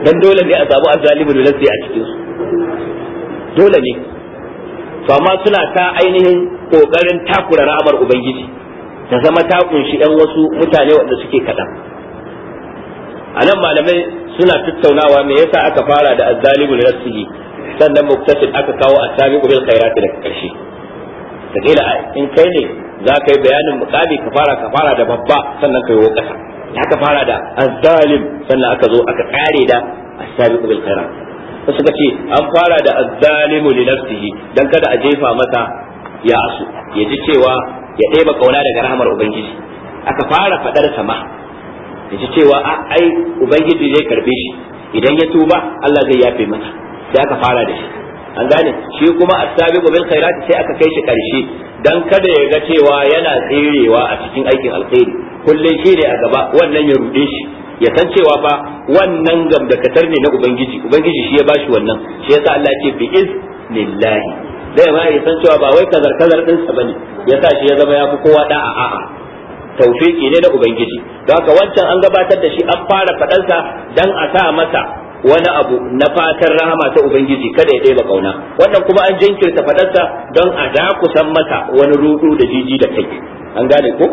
dan dole ne a samu azalimul nafsi a cikin su dole ne to amma suna ta ainihin kokarin takura ra'amar ubangiji ta zama ta kunshi ɗan wasu mutane wanda suke kaɗan a nan malamai suna tattaunawa me yasa aka fara da azzalimu da sannan muktasib aka kawo a asabi bil khairat da karshe ta in kai ne za ka yi bayanin mukami ka fara ka fara da babba sannan ka yi ƙasa aka fara da azzalim sannan aka zo aka kare da as bil khairat suka ce an fara da azzalimu li nafsihi dan kada a jefa masa ya asu ya ji cewa ya ɗeba kauna daga rahmar ubangiji aka fara fadar sama ya ji cewa ai ubangiji zai karbe shi idan ya tuba Allah zai yafe masa sai aka fara da shi an gane shi kuma a sabi bil khairat sai aka kai shi karshe dan kada ya ga cewa yana tserewa a cikin aikin alkhairi kullun shi ne a gaba wannan ya rude shi ya san cewa fa wannan gamdakatar ne na ubangiji ubangiji shi ya bashi wannan shi yasa Allah ya ce bi iznillahi dai ma ya san cewa ba wai kazar kazar din sa bane yasa shi ya zama ya fi kowa da a'a taufiki ne na ubangiji don haka wancan an gabatar da shi an fara fadansa dan a sa masa wani abu na fatan rahama ta ubangiji kada ya ɗeba kauna wannan kuma an jinkirta faɗarsa don a da san mata wani rudu da jiji da kai an gane ko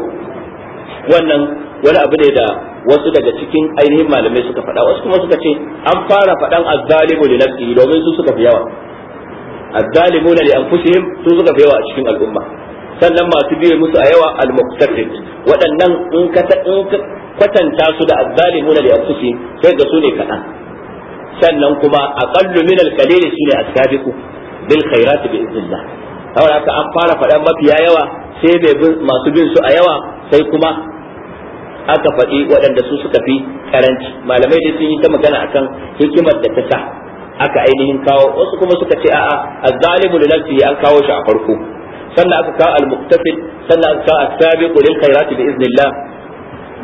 wannan wani abu ne da wasu daga cikin ainihin malamai suka faɗa wasu kuma suka ce an fara faɗan azzalimu li nafsihi domin su suka fi yawa azzalimuna li anfusihim su suka fi yawa a cikin al'umma sannan masu biye musu a yawa al-muqtasid waɗannan in ka kwatanta su da azzalimuna li anfusihim sai ga su ne kaɗan sannan kuma aqallu min al-qalil shine asabiqu bil khairat bi iznillah saboda haka an fara faɗan mafiya yawa sai masu bin su a yawa sai kuma aka faɗi waɗanda su suka fi karanci malamai dai sun yi ta magana akan hikimar da ta sa aka ainihin kawo wasu kuma suka ce a'a az-zalimu li nafsihi an kawo shi a farko sannan aka kawo al-muqtasid sannan aka kawo as-sabiqu lil khairat bi iznillah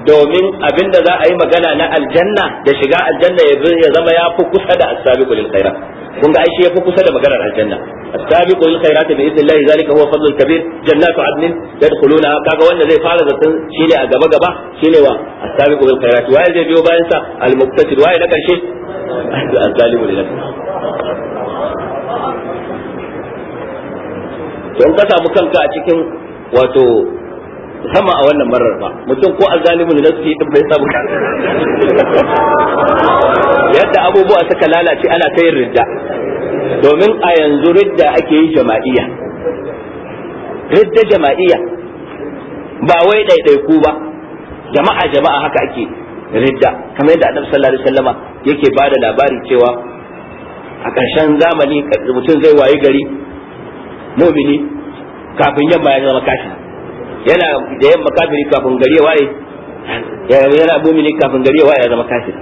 domin abin da za a yi magana na aljanna da shiga aljanna ya zama ya fi kusa da asabiqul khairat kun ga ai shi ya fi kusa da maganar aljanna asabiqul khairat bi idnillahi zalika huwa fadlul kabir jannatu adnin yadkhuluna kaga wanda zai fara da tun shine a gaba gaba shine wa asabiqul khairat waye zai biyo bayan sa al wa ya na karshe azalimul lil to in ka samu kanka a cikin wato Sama a wannan marar ba mutum ko azalimin da nafsi din bai samu yadda abubuwa suka lalace ana ta yin ridda domin a yanzu ridda ake yi jama'iyya ridda jama'iyya ba wai ɗaiɗaiku ba jama'a jama'a haka ake ridda kamar yadda annabi sallallahu alaihi wasallama yake bada labari cewa a ƙarshen zamani mutum zai wayi gari mumini kafin yamma ya zama kashi yana da yamma makafiri kafin gari ya waye yana mumini kafin gari ya waye ya zama kafir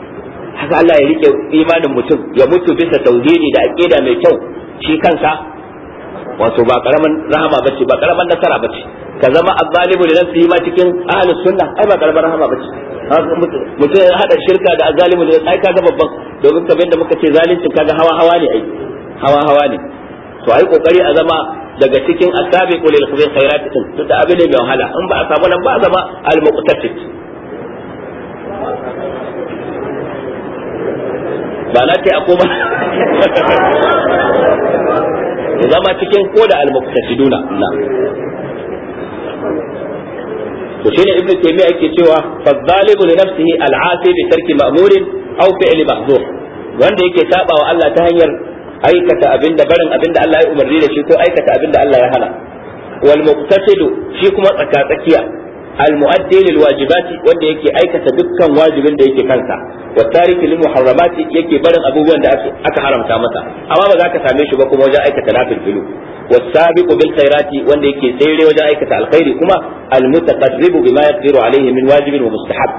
haka Allah ya rike imanin mutum ya mutu bisa tauhidi da aqida mai kyau shi kansa wato ba karaman rahama bace ba karaman nasara bace ka zama azzalimu li nafsihi ma cikin ahli sunna ai ba karaman rahama bace mutum hada shirka da azzalimu da ai kaga babban domin kamar yadda muka ce zalincin kaga hawa hawa ne ai hawa hawa ne to ai kokari a zama daga cikin asabi kulil khairat din to da abin da mai wahala in ba a samu nan ba zama al muqtasid ba na ce ako ba zama cikin koda al muqtatiduna na to shine ibnu taymiya yake cewa fa zalimu li nafsihi al asi bi tarki ma'murin aw fi'li mahzur wanda yake tabawa wa Allah ta hanyar aikata abin da barin abin da Allah ya umarni da shi ko aikata abin da Allah ya hana wal muqtasidu shi kuma tsaka tsakiya المؤدي للواجبات wanda yake aikata dukkan wajibin da yake kansa wa tariki lil muharramat yake barin abubuwan da aka haramta masa amma ba za ka same shi ba kuma wajen aikata lafil filu wa sabiqu bil khairati wanda yake tsere wajen aikata alkhairi kuma al mutaqarribu bima yaqdiru alayhi min wajibin wa mustahab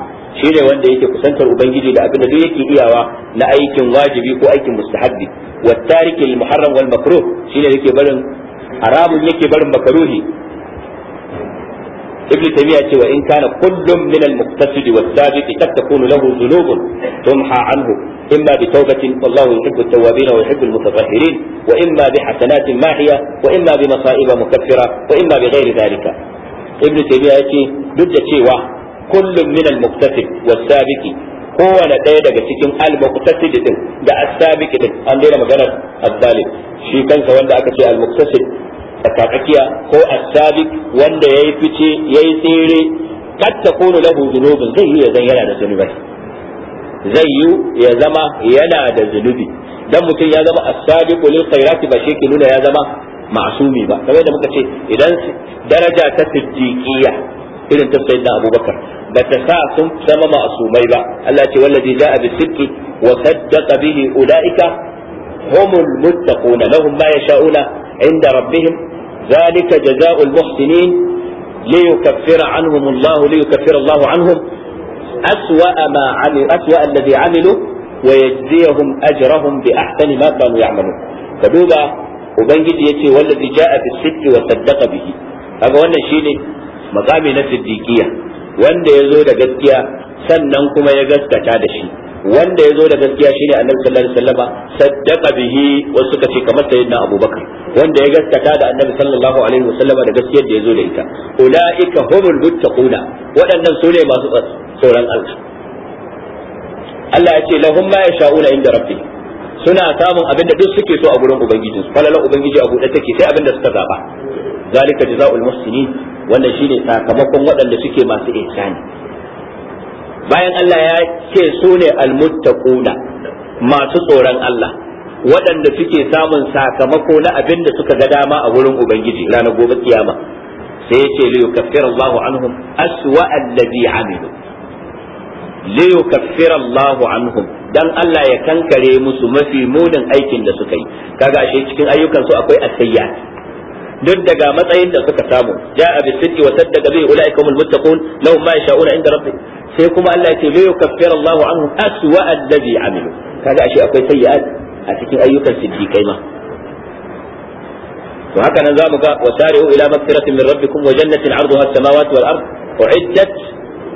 shine wanda yake kusantar ubangiji da abinda da duk yake iyawa na aikin wajibi ko aikin mustahabbi wa tariki lil muharram wal makruh shine yake haramun yake barin makaruhi ibn taymiya cewa in kana kullum min al muqtasid wa sabiq kad takunu lahu dhunubun tumha anhu imma bi tawbatin wallahu yuhibbu at-tawwabin wa yuhibbu al-mutatahhirin wa imma bi hasanatin mahiya wa imma bi masa'ib mukaffira wa imma bi ghairi dhalika ibn taymiya yace duk da cewa kullum minan al muqtasid kowane ɗaya daga cikin al-muqtasid din da as-sabiq din an daina maganar az-zalim shi kansa wanda aka ce al-muqtasid tsakatsakiya ko asabik wanda ya yi fice ya yi tsere kad na lahu zunubin zai yi zan yana da zunubai zai yi ya zama yana da zunubi dan mutum ya zama asabik sadiqu lil khairati ba shi ke nuna ya zama ma'sumi ba kamar da muka ce idan daraja ta siddiqiyya irin ta da abubakar ba ta sa sun zama ma'sumai ba Allah ce wallazi za bis-sidqi wa saddaqa bihi ulaika humul muttaquna lahum ma yasha'una عند ربهم ذلك جزاء المحسنين ليكفر عنهم الله ليكفر الله عنهم أسوأ ما عمل أسوأ الذي عملوا ويجزيهم أجرهم بأحسن ما كانوا يعملون فدوبا وبنجد يتي والذي جاء بالصدق وصدق به هذا وانا شيني مقامي نفس الديكية وانا يزود قدكيا سنن كما يقدك هذا الشيء wanda ya zo da gaskiya shine annabi sallallahu alaihi wasallama saddaqa bihi wasu suka ce kamar sayyidina abubakar wanda ya gaskata da annabi sallallahu alaihi wasallama da gaskiyar da ya zo da ita ulaika humul muttaquna waɗannan su ne masu tsoron Allah Allah ya ce lahum ma yasha'una inda rabbi suna samun abin da duk suke so a gurin ubangiji falalan ubangiji a buɗe take sai abin da suka zaba zalika jazaul muhsinin wannan shine sakamakon waɗanda suke masu ihsani bayan Allah ya ce su ne almuttaquna masu tsoron Allah waɗanda suke samun sakamako na abin da suka ga dama a wurin ubangiji ranar gobe kiyama sai yace li yukaffir Allahu anhum aswa alladhi amilu li yukaffir Allahu anhum dan Allah ya kankare musu mafi munin aikin da suka yi kaga ashe cikin ayyukan su akwai asayya duk daga matsayin da suka samu ja'a abi sidqi wa saddaqa bi ulai kumul muttaqun lahum ma yasha'una inda rabbih sai kuma Allah yake bai la yukaffiru Allahu anhum aswa alladhi amilu kaga ashe akwai sayyi'at a cikin ayyukan siddiqai ma to haka nan zamu ga wasari'u ila magfiratin min rabbikum wa jannatin 'arduha as-samawati wal ard u'iddat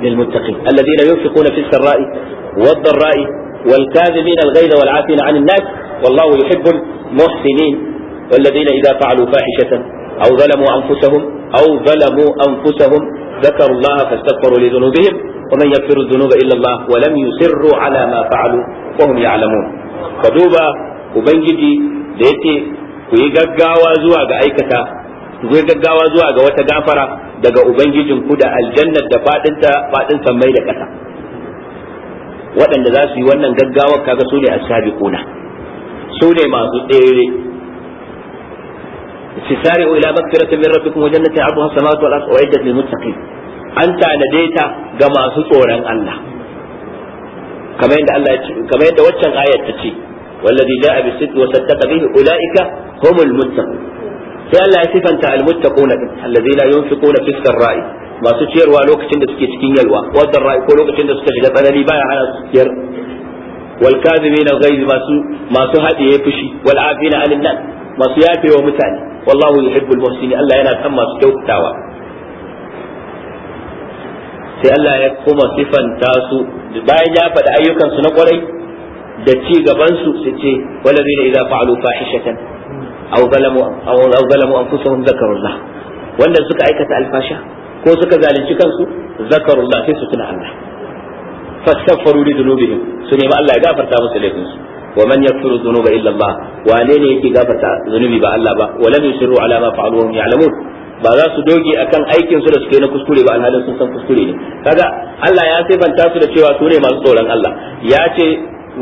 lil muttaqin alladhina yunfiquna fi as-sarra'i wad-dharra'i wal kadhibina al-ghayza wal 'afina 'anil nas والله يحب المحسنين والذين إذا فعلوا فاحشة أو ظلموا أنفسهم أو ظلموا أنفسهم ذكروا الله فاستغفروا لذنوبهم ومن يغفر الذنوب إلا الله ولم يصروا على ما فعلوا وهم يعلمون فدوبا وبنجدي ديتي ويغاغاوا زوا ga aikata ku gaggawa zuwa ga wata gafara daga ubangijin ku da aljannar da fadinta fadin sammai da ƙasa waɗanda za su yi wannan gaggawa kaga su ne as-sabiquna su ne masu tsere isari'u ila magfiratin min rabbikum wa jannatin 'arduha as-samawati wal ardu uiddat lil muttaqin an tanade ta ga masu tsoron Allah kamar yadda waccan ayar ta ce wallazi ja'a bis-sidqi wa ulaika humul muttaqun sai Allah ya sifanta al-muttaqun alladhina yunfiquna fi sarra'i masu ciyarwa lokacin da suke cikin yalwa wadda ra'i ko lokacin da suka shiga tsanani ba hana su ciyar wal kadhibina ghayz masu fushi wal masu wa mutane wallahu yuhibbul muhsinin Allah yana san masu kyautatawa sai Allah ya kuma sifanta su bayan ya faɗi ayyukan su na kwarai da ci gaban su su ce walazina idza fa'alu fahishatan aw zalamu aw zalamu anfusahum zakarullah wanda suka aikata alfasha ko suka zalunci kansu zakarullah sai su tuna Allah fastaghfiru li dhunubihim su nemi Allah ya gafarta musu laifinsu wa man yaghfiru dhunuba illa Allah wa ne yake gafarta zunubi ba Allah ba wa lam yusiru ala ma fa'alu ya'lamun ba za su doge akan aikin su da suke na kuskure ba alhalin sun san kuskure ne kaga Allah ya sifanta su da cewa su ne masu tsoron Allah ya ce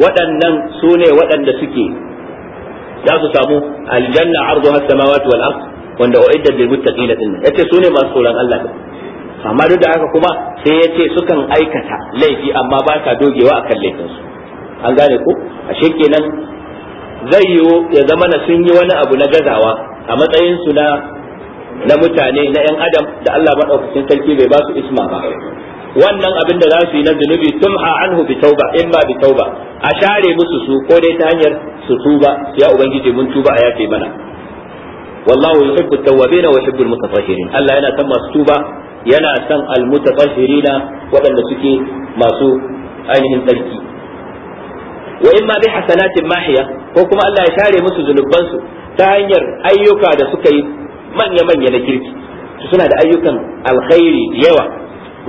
waɗannan su ne waɗanda suke za su samu aljanna arduha samawati wal ard wanda uiddat bil muttaqin din yace su ne masu tsoron Allah amma duk da haka kuma sai ya ce sukan aikata laifi amma ba ta dogewa akan laifinsu an gane ko ashe kenan zai yiwu ya zama na sun yi wani abu na gazawa a matsayin na na mutane na yan adam da Allah maɗaukacin sarki bai ba su isma ba wannan abin da za su yi na zunubi tumha anhu bi tauba in ba bi tauba a share musu su ko dai ta hanyar su tuba ya ubangiji mun tuba a yafe mana wallahu yuhibbu at wa yuhibbu al Allah yana san masu tuba yana san al-mutatahhirin waɗanda suke masu ainihin tsarki wa imma bi hasanatin mahiya ko kuma Allah ya share musu zunubansu ta hanyar ayyuka da suka yi manya manya na kirki suna da ayyukan alkhairi yawa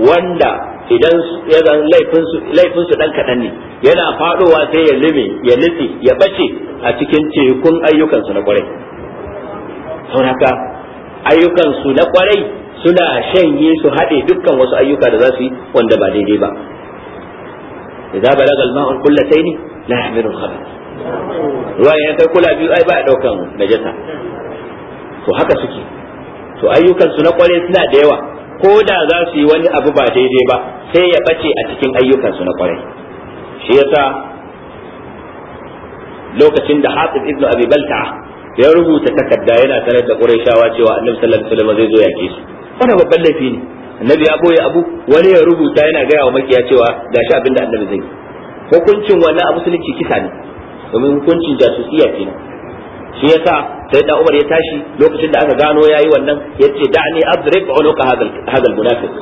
wanda idan ya ɗan laifin su dan kaɗan ne yana faɗowa sai ya lume ya nutse ya bace a cikin tekun ayyukansu na kwarai ayyukan ayyukansu na kwarai suna shanye su haɗe dukkan wasu ayyuka da za su yi wanda ba daidai ba idza balagal ma'ul kullataini la yahmilu al-khabath ruwan ya kai kula biyu ai ba daukan najasa to haka suke to ayyukan su na kware suna da yawa ko da za su yi wani abu ba daidai ba sai ya bace a cikin ayyukan su na kware shi yasa lokacin da Hafiz ibn Abi balta ya rubuta takarda yana sanar da quraishawa cewa Annabi sallallahu alaihi wasallam zai zo yake su wannan babban laifi ne annabi ya boye abu wani ya rubuta yana gaya wa makiya cewa gashi abinda annabi zai yi. hukuncin wannan a musulunci kisa ne domin hukuncin jasusiya nan shi yasa sai da Umar ya tashi lokacin da aka gano yayi wannan yace da'ni adrib unuka hadha al-munafiq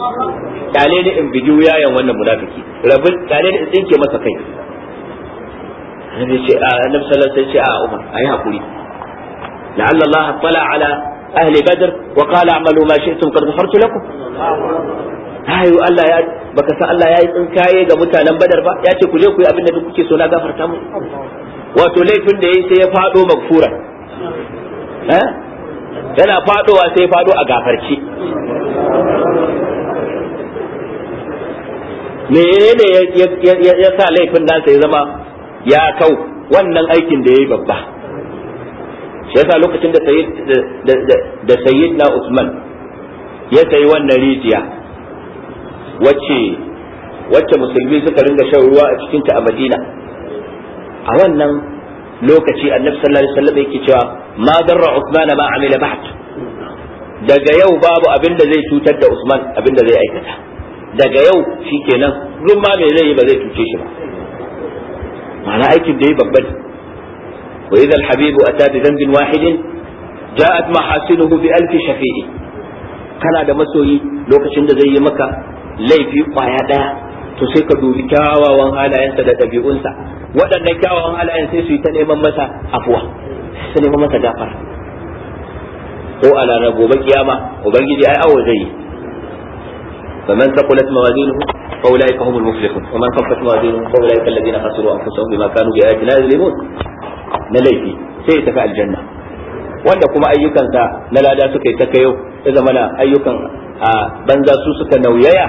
kale ne in bigi wuyayen wannan munafiki rabin kale ne in tsinke masa kai annabi ce annabi sallallahu alaihi wasallam a Umar ayi hakuri la'alla Allah tala ala ahli badr wa qala a'malu ma shi'tum qad ghafartu lakum ayo Allah ya baka san Allah ya yi tsinkaye ga mutanen badar ba yace ce ku je ku yi abin da kuke so na gafarta mu wato laifin da yayi sai ya fado magfura eh yana fadowa sai ya fado a gafarci ne ya sa laifin nasa ya zama ya kau wannan aikin da yayi babba shi yasa lokacin da sayyid da sayyidna Usman ya sayi wannan rijiya wacce wacce musulmi suka ringa shan ruwa a cikin ta a Madina a wannan lokaci annabi sallallahu alaihi wasallam yake cewa ma darra Uthman ma amila ba'd daga yau babu abin da zai cutar da Usman abin da zai aikata daga yau shikenan duk ma me zai yi ba zai cuce shi ba ma'ana aikin da yi babban wa idza al-habibu ata bi dhanbin wahidin ja'at mahasinuhu bi alfi shafi'i kana da masoyi lokacin da zai yi maka laifi kwaya daya to sai ka dubi kyawawan halayensa da ɗabi'unsa waɗannan kyawawan halayen sai su yi ta neman masa afuwa su neman masa gafara ko a ranar gobe kiyama ubangiji ai awo zai yi فمن ثقلت موازينه فاولئك هم المفلحون ومن خفت موازينه فاولئك الذين خسروا انفسهم بما كانوا باياتنا يظلمون na laifi sai ya tafi aljanna wanda kuma ayyukansa na lada suka yi ta kayo ya zama na ayyukan a banza su suka nauyaya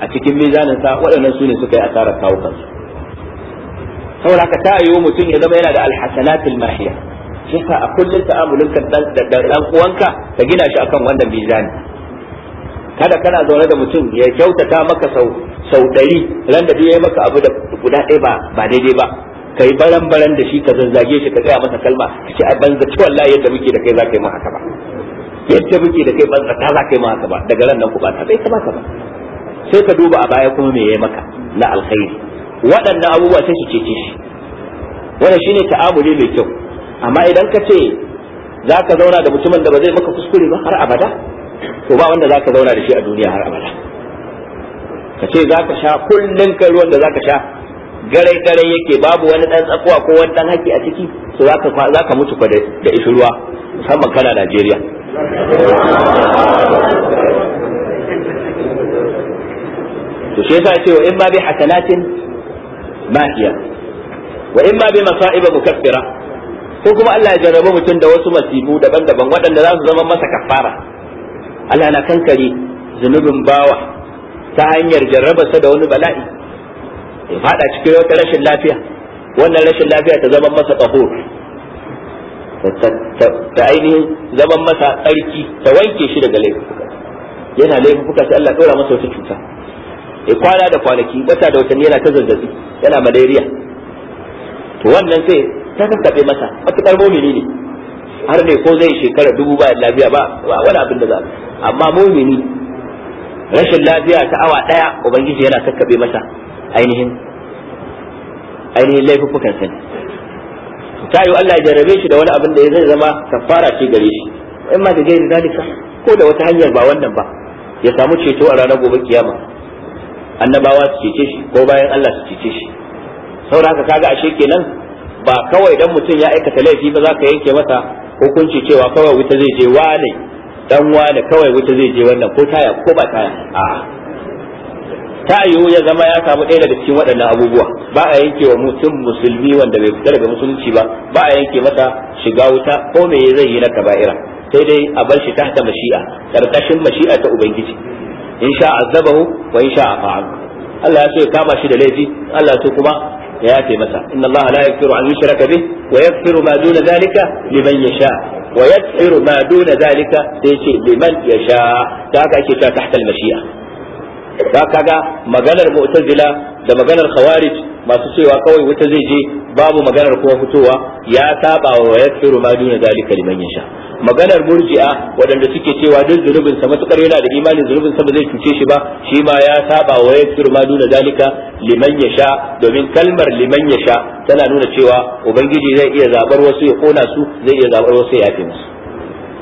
a cikin mizanin sa waɗannan su ne suka yi asarar kawo kansu saboda haka ta yiwu mutum ya zama yana da alhasanatul mahiya shi sa a kullum ta'amulin ka da dan uwanka ka gina shi akan wanda mizani kada kana zaune da mutum ya kyautata maka sau ɗari ran da duk ya maka abu da guda ɗaya ba ba daidai ba kai baran baran da shi ka zazzage shi ka tsaya masa kalma kace a banza ci wallahi yadda muke da kai za ka yi mu ba yadda muke da kai banza ta za ka yi mu ba daga ran nan ku ba ta bai kamata ba sai ka duba a baya kuma me yayi maka na alkhairi waɗannan abubuwa sai su cece shi wannan shine ta'amuli mai kyau amma idan ka ce za ka zauna da mutumin da ba zai maka kuskure ba har abada to ba wanda za ka zauna da shi a duniya har abada ka ce za ka sha kullum kai ruwan da za ka sha garai garai yake babu wani dan tsakuwa ko wani dan haki a ciki to zaka zaka mutu fa da ishurwa musamman kana Najeriya to shi yasa ce wa in ba bi hasanatin mahiya wa in ba bi masa'iba mukaffira ko kuma Allah ya jarraba mutum da wasu masifu daban-daban waɗanda za su zama masa kafara Allah na kankare zunubin bawa ta hanyar jarrabarsa da wani bala'i ya fada cikin wata rashin lafiya wannan rashin lafiya ta zama masa tahur ta ainihin zaman masa tsarki ta wanke shi daga laifuka yana laifuka sai Allah ɗora masa wata cuta ya kwana da kwanaki wata da watanni yana ta zazzabi yana malaria to wannan sai ta kakkaɓe masa matuƙar momini ne har ne ko zai shekara dubu ba lafiya ba wani abin da za amma momini rashin lafiya ta awa ɗaya ubangiji yana kakkaɓe masa ainihin ainihin laifukan sa ta yi Allah ya jarrabe shi da wani abin da zai zama kafara ce gare shi in ma da gairi zalika ko da wata hanyar ba wannan ba ya samu ceto a ranar gobe kiyama annabawa su cece shi ko bayan Allah su cece shi saboda haka kaga ashe kenan ba kawai dan mutum ya aikata laifi ba za ka yanke masa hukunci cewa kawai wuta zai je wane dan wane kawai wuta zai je wannan ko taya ko ba taya a'a ta yiwu ya zama ya samu ɗaya daga cikin waɗannan abubuwa ba a yanke wa mutum musulmi wanda bai fita daga musulunci ba ba a yanke masa shiga wuta ko me zai yi na kaba'ira sai dai a bar shi tahta mashi'a karkashin mashi'a ta ubangiji in sha azabahu wa in sha afa'al Allah ya so ya kama shi da laifi Allah ya so kuma ya yafe masa inna Allah la yaghfiru an yushraka bih wa yaghfiru ma duna zalika liman yasha wa yaghfiru ma duna zalika sai ce liman yasha ta haka ake ta tahta al-mashi'a da ga maganar mu'tazila da maganar khawarij masu cewa kawai wuta zai je babu maganar kuma fitowa ya saba wa yaghfiru ma duna zalika liman yasha maganar murji'a waɗanda suke cewa duk zunubin sa matukar yana da imanin zunubin sa ba zai cuce shi ba shi ma ya saba wa yaghfiru ma duna zalika liman yasha domin kalmar liman yasha tana nuna cewa ubangiji zai iya zabar wasu ya kona su zai iya zabar wasu ya yafe musu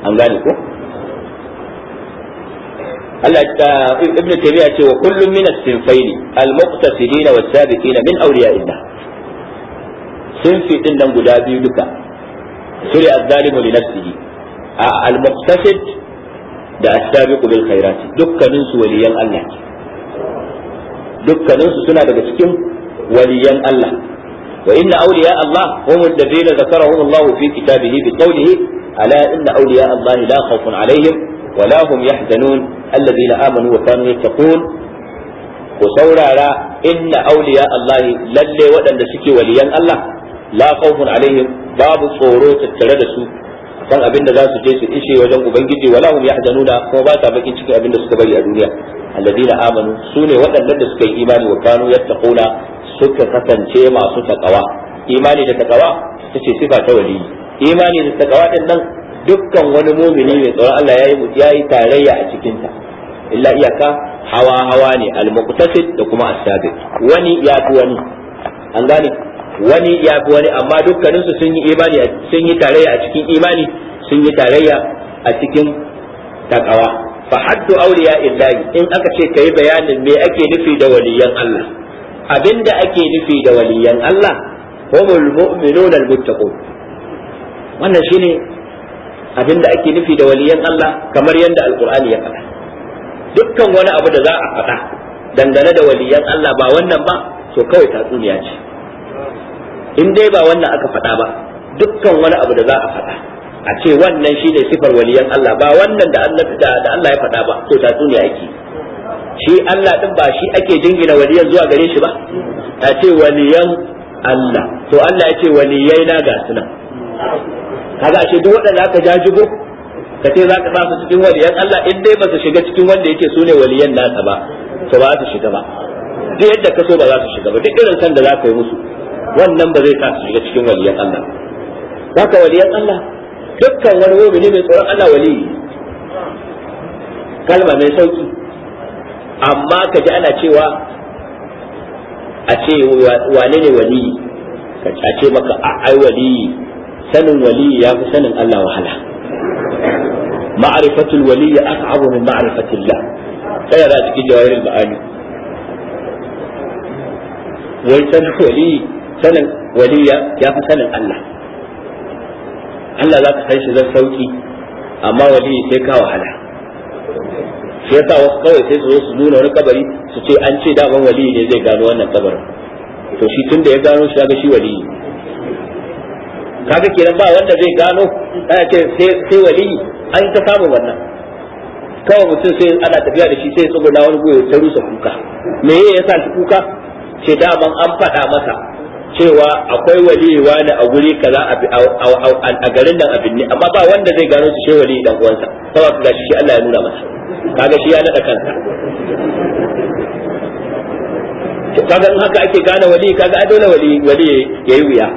an gane ko Allah uh, ibn Taymiyyah ce wa kullum min as-sinfaini al-muqtasidina was-sabiqina min awliya'illah sinfi din nan guda biyu duka da as-sabiqu bil khairat dukkanin su waliyan Allah dukkanin suna daga cikin waliyan Allah wa inna awliya Allah hum alladhina zakarahum Allah fi kitabihi bi qawlihi ala inna awliya Allah alaihim wala hum yahzanun alladhina amanu wa kanu yattaqun ku saurara inna awliya Allah lalle waɗanda suke waliyan Allah la khawfun alaihim babu tsoro tattare da su kan abin da za su je su ishe wajen ubangiji wala hum yahzanuna ko ba ta bakin cikin abin da suka bari a duniya alladina amanu sune waɗannan da suka yi imani wa kanu yattaquna suka kasance masu takawa imani da takawa tace sifa ta wali imani da takawa din nan dukkan wani mumini mai tsoron Allah ya yi tarayya a cikinta illa iyaka hawa hawa ne al-muqtasid da kuma as-sabiq wani ya fi wani an gane wani ya fi wani amma dukkanin su sun yi imani sun yi tarayya a cikin imani sun yi tarayya a cikin takawa fa haddu awliya illahi in aka ce kai bayanin me ake nufi da waliyan Allah abinda ake nufi da waliyan Allah humul mu'minuna al-muttaqun wannan shine abinda ake nufi da waliyan Allah kamar yadda alkur'ani ya faɗa dukkan wani abu da za a faɗa dangane da waliyan Allah ba wannan ba to kawai tatsuniya ce in dai ba wannan aka faɗa ba dukkan wani abu da za a faɗa a ce wannan shine sifar waliyan Allah ba wannan da Allah da Allah ya faɗa ba to tatsuniya yake shi Allah din ba shi ake jingina waliyan zuwa gare shi ba a ce waliyan Allah to Allah ya ce waliyai na ga sunan kaga ashe duk waɗanda aka jajibo ka ce za ka sa su cikin waliyan Allah in dai ba su shiga cikin wanda yake su ne waliyan nasa ba to ba su shiga ba duk yadda kaso so ba za su shiga ba duk irin san da za ka yi musu wannan ba zai sa su shiga cikin waliyan Allah haka waliyan Allah dukkan wani mu'mini mai tsoron Allah wali kalma mai sauki amma ka ji ana cewa a ce wane ne wali ka ce maka a ai waliyi sanin wali ya fi sanin Allah wahala ma'rifatul wali aka min ma'rifatillah kana da cikin jawahirul ma'ani wai sanin wali sanin wali ya fi sanin Allah Allah za ka san shi zan sauki amma wali sai ka wahala shi yasa wasu kawai sai su zo su nuna wani kabari su ce an ce daman wali ne zai gano wannan kabarin to shi tun da ya gano shi ga shi wali kaga kenan ba wanda zai gano ana ce sai wali an ta samu wannan kawai mutum sai ana tafiya da shi sai na wani goyo ta rusa kuka me ya yasa shi kuka ce daman an faɗa masa cewa akwai wali wani a guri kaza a garin nan abin ne amma ba wanda zai gano su sai wali dan uwansa saboda gashi shi Allah ya nuna masa kaga shi ya nada kansa kaga in haka ake gane wali kaga a dole wali wali yayi wuya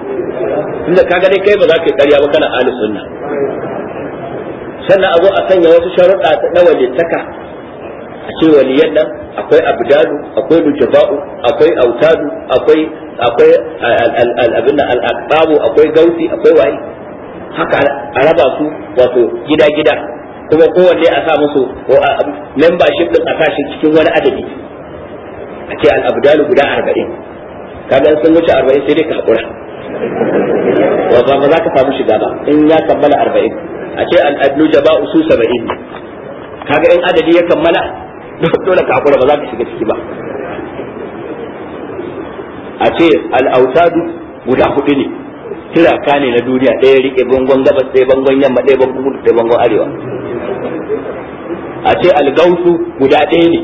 tunda ka gani kai ba za ka yi karya ba kana ahli sunna sannan a zo a sanya wasu sharuɗa na taka. a ce waliyan nan akwai abdalu akwai lujaba'u akwai autadu akwai akwai abinda al akwai Gauti, akwai wai. haka a raba su wato gida-gida kuma kowanne a sa musu membership din a sa shi cikin wani adadi a ce al-abdalu guda arba'in kaga sun wuce arba'in sai dai ka haƙura ba ba za ka samu shiga ba in ya kammala arba'in a ce al adlu jaba'u su saba'in kaga in adadi ya kammala <laughs> dole ka hakura ba za ka shiga ciki ba a ce al'autadu guda hudu ne ka ne na duniya ɗaya rike bangon gabas ɗaya bangon yamma ɗaya bangon kudu ɗaya bangon arewa a ce algausu guda ɗaya ne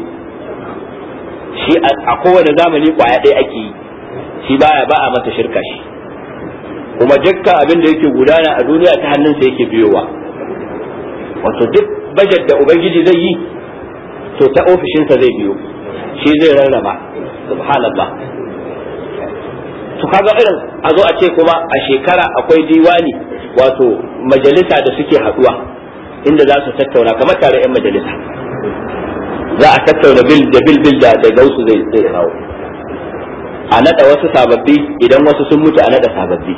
shi a kowane zamani kwaya ɗaya ake yi shi baya ba a mata shirka shi kuma jikka abin da yake gudana a duniya ta hannunsa yake biyowa wato duk bajet da ubangiji zai yi to ta ofishinsa zai biyo shi zai rarraba subhanallah to kaga irin a zo a ce kuma a shekara akwai diwani wato majalisa da suke haduwa inda za su tattauna kamar tare yan majalisa za a tattauna bil da bil bil da da gausu zai zai rawo a nada wasu sababbi idan wasu sun mutu a nada sababbi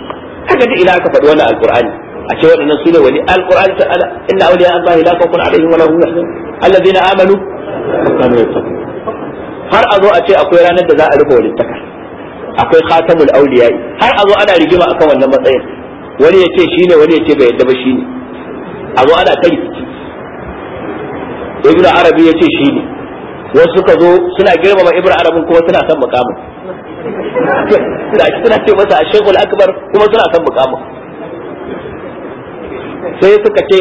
haka duk ina aka faɗi wannan alqur'ani a ce waɗannan su ne wani alqur'ani ta ala inna awliya allahi la khawfun alaihim wa la hum yahzanun alladhina amanu kanu yattaqun har a zo a ce akwai ranar da za a rufe walittaka akwai khatamul awliya har a zo ana rigima akan wannan matsayin wani ya ce shine wani ya ce bai yadda ba shine a zo ana kai ibnu arabi ya ce shine wasu suka zo suna girmama ibnu arabin kuma suna son mukamin suna ce masa shekul akbar kuma suna son mukamin sai suka ce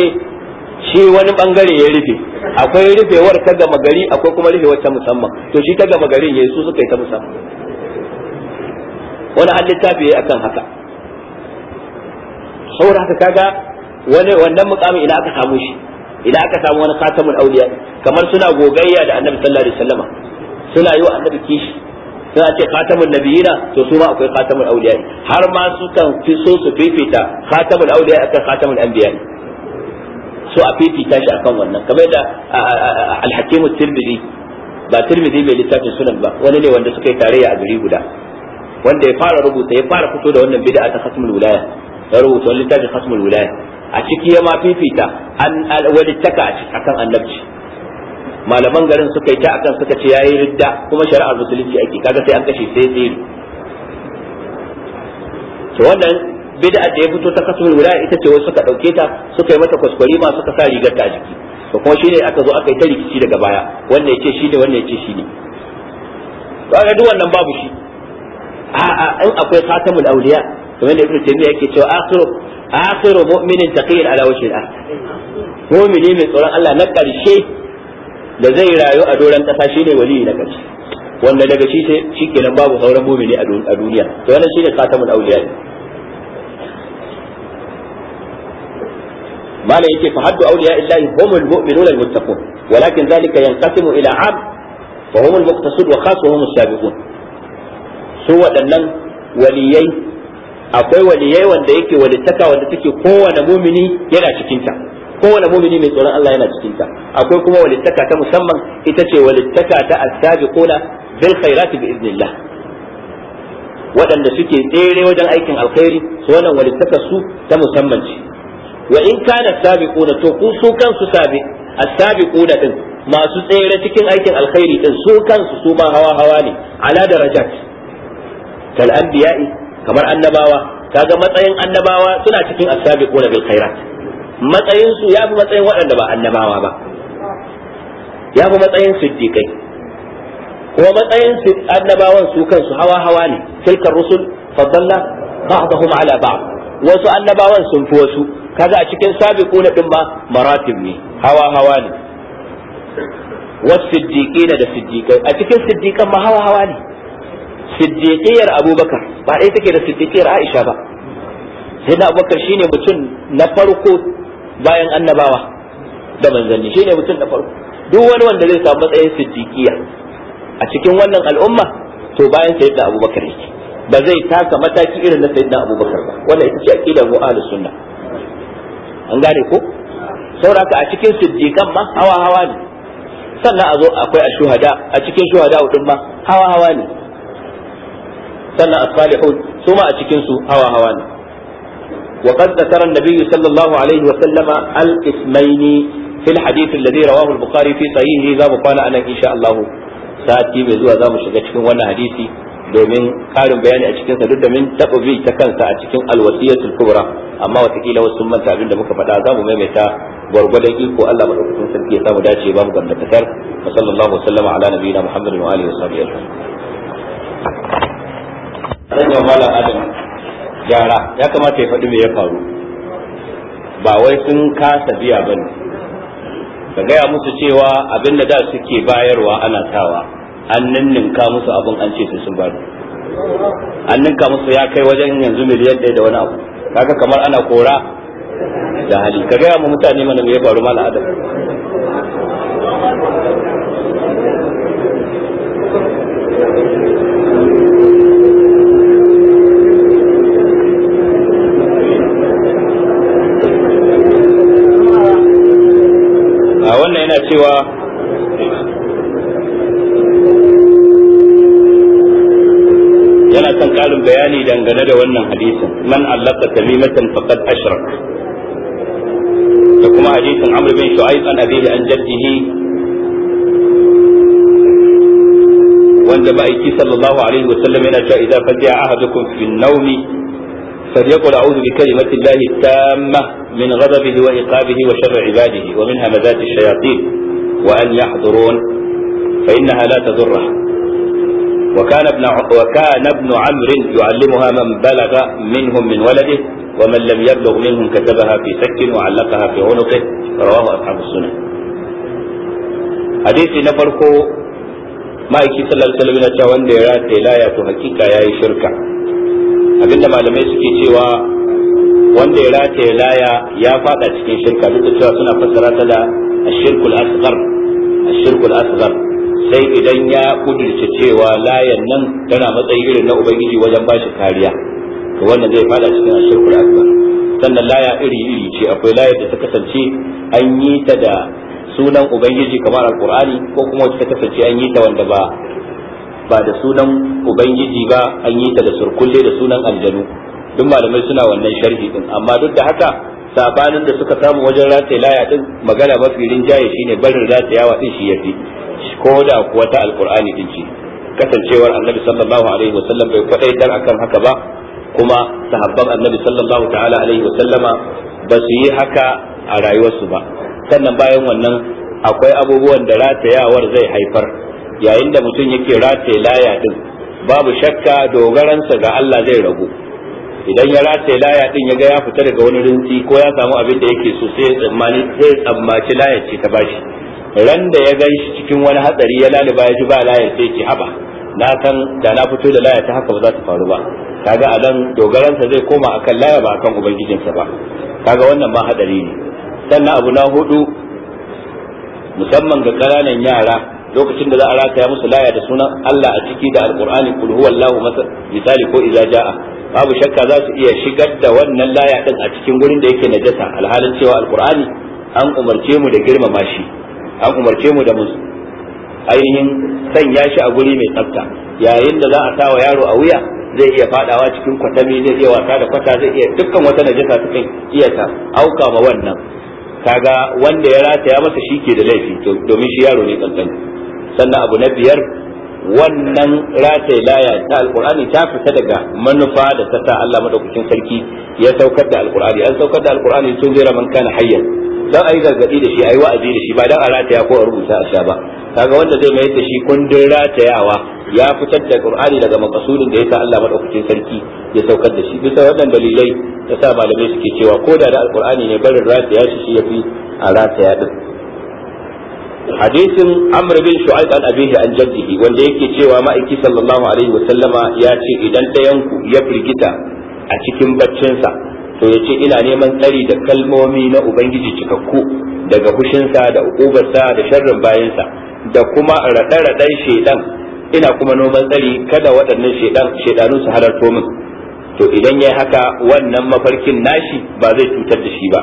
shi wani bangare ya rufe akwai rufewar ta gama gari akwai kuma rufewar ta musamman to shi ta gama garin yesu suka yi ta musamman wani an littafi akan haka saboda haka kaga wani wannan mukamin ina aka samu shi ina aka samu wani khatamul auliya kamar suna gogayya da annabi sallallahu alaihi wasallama suna yi wa annabi kishi in a ce khatamun nabiyina to su ma akwai khatamul auliya har ma su kan fi so su fifita khatamul auliya akan khatamul anbiya so a fifita shi akan wannan kamar da Alhakim hakim tirmidhi ba tirmidhi mai littafin sunan ba wani ne wanda suka yi tarayya a gari guda wanda ya fara rubuta ya fara fito da wannan bid'a ta khatmul wilaya ya rubuta wani littafin khatmul wilaya a ciki ya ma fifita an wani taka akan annabci malaman garin suka yi ta akan suka ce yayi ridda kuma shari'ar musulunci ake kaga sai an kashe sai tsiri to wannan bid'a da ya fito ta kasul wilaya ita ce wai suka dauke ta suka yi mata kwaskwari ma suka sa rigar ta jiki to kuma shine aka zo aka yi ta rikici daga baya wanda yace shi ne wanda yace shi ne to ga duk wannan babu shi a a in akwai khatamul awliya kamar da ibnu taymiya yake cewa akhiru akhiru mu'minin taqiyyin ala wajhi al-ard mu'mini mai tsoron Allah na karshe da zai rayu a doron kasa shi ne wali na karshe wanda daga shi sai shikenan babu sauran mumini a duniya to wannan shine khatamul ne. malam yake fa haddu awliya illahi humul mu'minuna almuttaqun walakin dhalika yanqasimu ila 'am fa humul muqtasid wa khas humul sabiqun su waɗannan waliyai akwai waliyai wanda yake walittaka wanda take kowane mumini yana cikinta kowane mumini mai tsoron Allah yana cikin ta akwai kuma walittaka ta musamman ita ce walittaka ta as-sabiquna bil khairati bi iznillah waɗanda suke tsere wajen aikin alkhairi su wannan walittaka su ta musamman ce wa in kana sabiquna to ku su kansu sabi as-sabiquna din masu tsere cikin aikin alkhairi din su kansu su ma hawa hawa ne ala darajat kal anbiya'i kamar annabawa kaga matsayin annabawa suna cikin as-sabiquna bil khairat matsayin su ya fi matsayin waɗanda ba annabawa ba ya fi matsayin siddiqai kuma matsayin annabawan su kansu hawa hawa ne tilkar rusul faddalla ba'dahum ala ba'd wasu annabawan sun fi wasu kaga a cikin sabiquna din ba maratib ne hawa hawa ne والصديقين da siddiqai a cikin siddiqan ma hawa hawa ne siddiqiyar abubakar ba dai take da siddiqiyar aisha ba sai na abubakar shine mutum na farko bayan annabawa da manzanni shine mutum na farko duk wani wanda zai samu matsayin siddiqiya a cikin wannan al'umma to bayan sayyidina abubakar yake ba zai taka mataki irin na sayyidina abubakar ba wannan ita ce aqidar mu ahlus sunna an gane ko sauraka a cikin siddiqan ma hawa hawa ne sannan a zo akwai a shuhada a cikin shuhada din ma hawa hawa ne sannan asfalihun su ma a cikin su hawa hawa ne وقد ذكر النبي صلى الله عليه وسلم الاسمين في الحديث الذي رواه البخاري في صحيحه ذا قال انا ان شاء الله ساتي بزوا ذا shiga cikin wannan hadisi domin karin bayani a cikin sa duk da min tabi ta kansa a cikin alwasiyatul kubra amma watakila wasu manta abin da muka faɗa zamu maimaita gwargwadon iko Allah madaukakin sarki ya samu dace ba mu gambatar wa sallallahu wasallama ala nabiyina muhammadin wa alihi wa sahbihi ajma'in. Rajin malam Adam gyara ya kamata ya faɗi me ya faru ba wai sun kasa biya ba ne ka gaya musu cewa abin da da suke bayarwa ana tawa an ninka musu abin an ce su sun bari an ninka musu ya kai wajen yanzu miliyan ɗaya da wani abu kaga kamar ana kora da hali ka gaya mu mutane mana me ya faru mala adam yana cewa yana son ƙarin bayani dangane da wannan hadisin man allaka tamimatan faqad ashrak da kuma hadisin amr bin shu'aib an abihi an jaddihi wanda ma'aiki sallallahu alaihi wa wasallam yana cewa idan fadiya ahadukum fi naumi فليقل أعوذ بكلمة الله التامة من غضبه وعقابه وشر عباده ومن همزات الشياطين وأن يحضرون فإنها لا تضره وكان ابن وكان ابن عمرو يعلمها من بلغ منهم من ولده ومن لم يبلغ منهم كتبها في سك وعلقها في عنقه رواه أصحاب السنة حديثي نفركو ما يكي صلى الله عليه وسلم وان لا يا حقيقة يا شركة abinda malamai suke cewa wanda ya rataye laya ya fada cikin shirka duk da cewa suna fassara ta da ashirkul asghar ashirkul asghar sai idan ya kudirce cewa layan nan tana matsayi irin na ubangiji wajen bashi kariya to wannan zai fada cikin ashirkul asghar sannan laya iri iri ce akwai layar da ta kasance an yi ta da sunan ubangiji kamar alqur'ani ko kuma wacce ta kasance an yi ta wanda ba ba da sunan ubangiji ba an yi ta da surkulle da sunan aljanu duk malamai suna wannan sharhi din amma duk da haka sabanin da suka samu wajen rataya laya din magana mafi rinjaye shine barin ratayawa din shi yafi ko da kuwa ta alqur'ani din ce kasancewar annabi sallallahu alaihi wasallam bai kwadaitar akan haka ba kuma sahabban annabi sallallahu ta'ala alaihi wasallama ba su yi haka a rayuwarsu ba sannan bayan wannan akwai abubuwan da ratayawar zai haifar yayin da mutum yake rataye laya din babu shakka dogaransa ga Allah zai ragu idan ya rataye laya din yaga ya fita daga wani rinsi ko ya samu abin da yake so sai tsammani sai tsammaci laya ce ta bashi ran da ya gan shi cikin wani hatsari ya laliba ya ji ba laya sai ki haba na san da na fito da laya ta haka ba za ta faru ba kaga a nan dogaransa zai koma akan laya ba akan ubangijinsa ba kaga wannan mahaɗari hadari ne sannan abu na hudu musamman ga ƙananan yara lokacin da za a rataya musu laya da sunan Allah a ciki da alqur'ani kul huwallahu misali ko idza jaa babu shakka za su iya shigar da wannan laya din a cikin gurin da yake najasa alhalin cewa alqur'ani an umarce mu da girmama shi an umarce mu da musu ainihin sanya shi a guri mai tsafta yayin da za a sawa yaro a wuya zai iya fadawa cikin kwatami zai iya wasa da kwata zai iya dukkan wata najasa sukan iya ta auka ma wannan kaga wanda ya rataya masa shi ke da laifi domin shi yaro ne tsantsan. sannan abu na biyar wannan rataye laya ta alkur'ani ta fita daga manufa da ta sa Allah madaukakin sarki ya saukar da alkur'ani an saukar da alkur'ani sun zira man kana hayyan dan ayi gargadi da shi ayi wa'azi da shi ba dan a rataya ko a rubuta a sha ba kaga wanda zai mayar da shi kundin ratayawa ya fitar da Al-ƙur'ani daga makasudin da yasa Allah madaukakin sarki ya saukar da shi bisa waɗannan dalilai ta sa malamai suke cewa ko da da alkur'ani ne barin rataya shi shi yafi a rataya din hadisin amr bin shu'aib an abihi an jaddihi wanda yake cewa ma'aiki sallallahu alaihi wa sallama ya ce idan ɗayan ku ya firgita a cikin baccinsa to ya ce ina neman tsari da kalmomi na ubangiji cikakku daga hushinsa da ukubarsa da sharrin bayansa da kuma raɗe-raɗen shaidan ina kuma noman tsari kada waɗannan shaidan shaidanu su halarto min to idan yayi haka wannan mafarkin nashi ba zai cutar da shi ba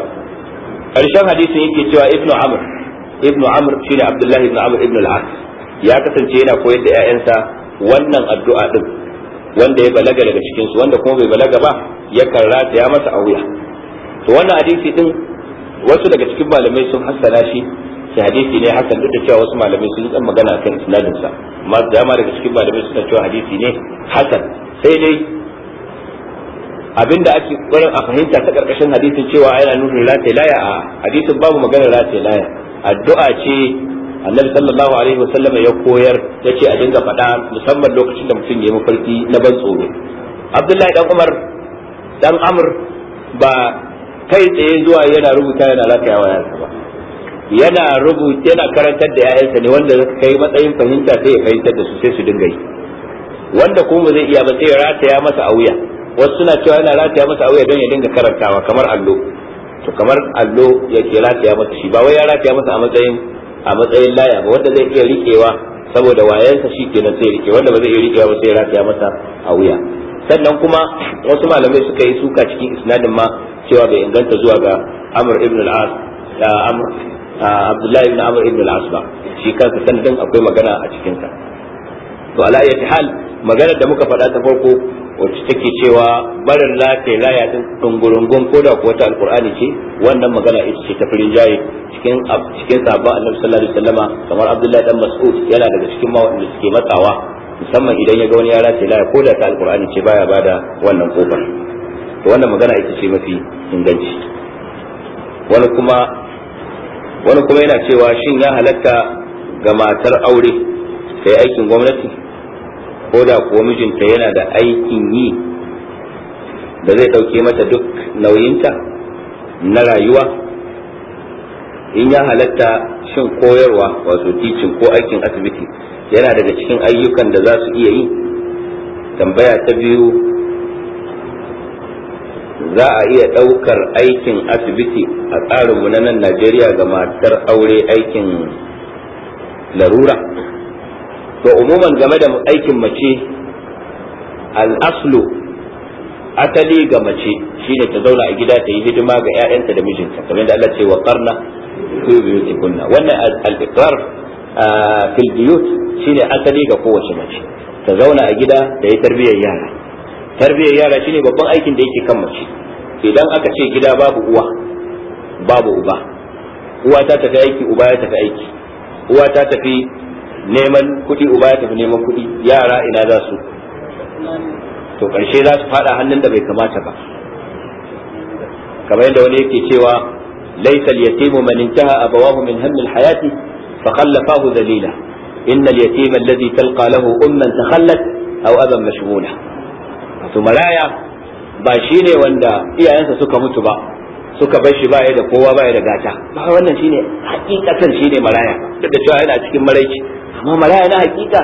Karshen hadisin yake cewa ibnu amr ibnu amr shine abdullahi ibnu amr ibnu al-as ya kasance yana koyar da ƴaƴansa wannan addu'a din wanda ya balaga daga cikin su wanda kuma bai balaga ba ya karrata ya masa a wuya to wannan hadisi din wasu daga cikin malamai sun hassana shi shi hadisi ne hasan duk da cewa wasu malamai sun yi magana kan isnadin sa amma dama daga cikin malamai suna cewa hadisi ne hasan sai dai abinda ake kokarin a fahimta ta karkashin hadisin cewa yana nufin rataye laya a hadisin babu magana rataye laya addu'a ce annabi sallallahu alaihi wasallam ya koyar yace a dinga faɗa musamman lokacin da mutum ya yi mafarki na ban tsoro abdullahi dan umar dan amr ba kai tsaye zuwa yana rubuta yana lakaya wa yaransa ba yana rubuta yana karantar da yayansa ne wanda zaka kai matsayin fahimta sai ya fahimtar da su sai su dinga yi wanda kuma zai iya ba sai rataya masa a wuya wasu suna cewa yana rataya masa a wuya don ya dinga karantawa kamar allo to kamar allo ya ke rataya masa shi ba wai ya rataya masa a matsayin a matsayin laya ba wanda zai iya rikewa saboda wayansa shi kenan sai rike wanda ba zai iya rikewa ba sai ya rataya masa a wuya sannan kuma wasu malamai suka yi suka cikin isnadin ma cewa bai inganta zuwa ga amr ibn al-as da amr abdullahi ibn amr ibn al-as ba shi kansa sanadin akwai magana a cikin sa to ala ayyati hal maganar da muka faɗa ta farko wacce take cewa barin lafiya laya din dungurungun ko da kuwa ta alqur'ani ce wannan magana ita ce ta firin jaye cikin cikin sahabba annabi sallallahu alaihi wasallama kamar abdullahi dan mas'ud yana daga cikin ma wanda suke matsawa musamman idan ya ga wani yara ce laya ko da ta alqur'ani ce baya bada wannan kofar to wannan magana ita ce mafi inganci wani kuma wani kuma yana cewa shin ya halatta ga matar aure sai aikin gwamnati ko da kuwa mijinta yana da aikin yi da zai ɗauke mata duk nauyinta na rayuwa in ya halatta shin koyarwa wato titin ko aikin asibiti yana daga cikin ayyukan da za su iya yi tambaya ta biyu za a iya ɗaukar aikin asibiti a tsarinmu na nan najeriya ga matar aure aikin larura to umuman game da aikin mace al'aslu asali ga mace shine ta zauna a gida ta yi hidima ga 'ya'yanta da mijinta kamar da Allah ce wa qarna fi kunna wannan al-iqrar fil buyut shine asali ga kowace mace ta zauna a gida da yi tarbiyyar yara tarbiyyar yara shine babban aikin da yake kan mace idan aka ce gida babu uwa babu uba uwa ta tafi aiki uba ya tafi aiki uwa ta tafi neman kuɗi uba ya tafi neman kuɗi yara ina za su to ƙarshe za su faɗa hannun da bai kamata ba kamar yadda wani yake cewa laysal yatimu man intaha abawahu min hammil hayati fa khallafahu dalila inna al yatima alladhi talqa lahu umman takhallat aw aban mashghula to maraya ba shine wanda iyayensa suka mutu ba suka bar shi baya da kowa baya da gata ba wannan shine hakikatan shine maraya duk da cewa yana cikin maraici amma maraya na hakika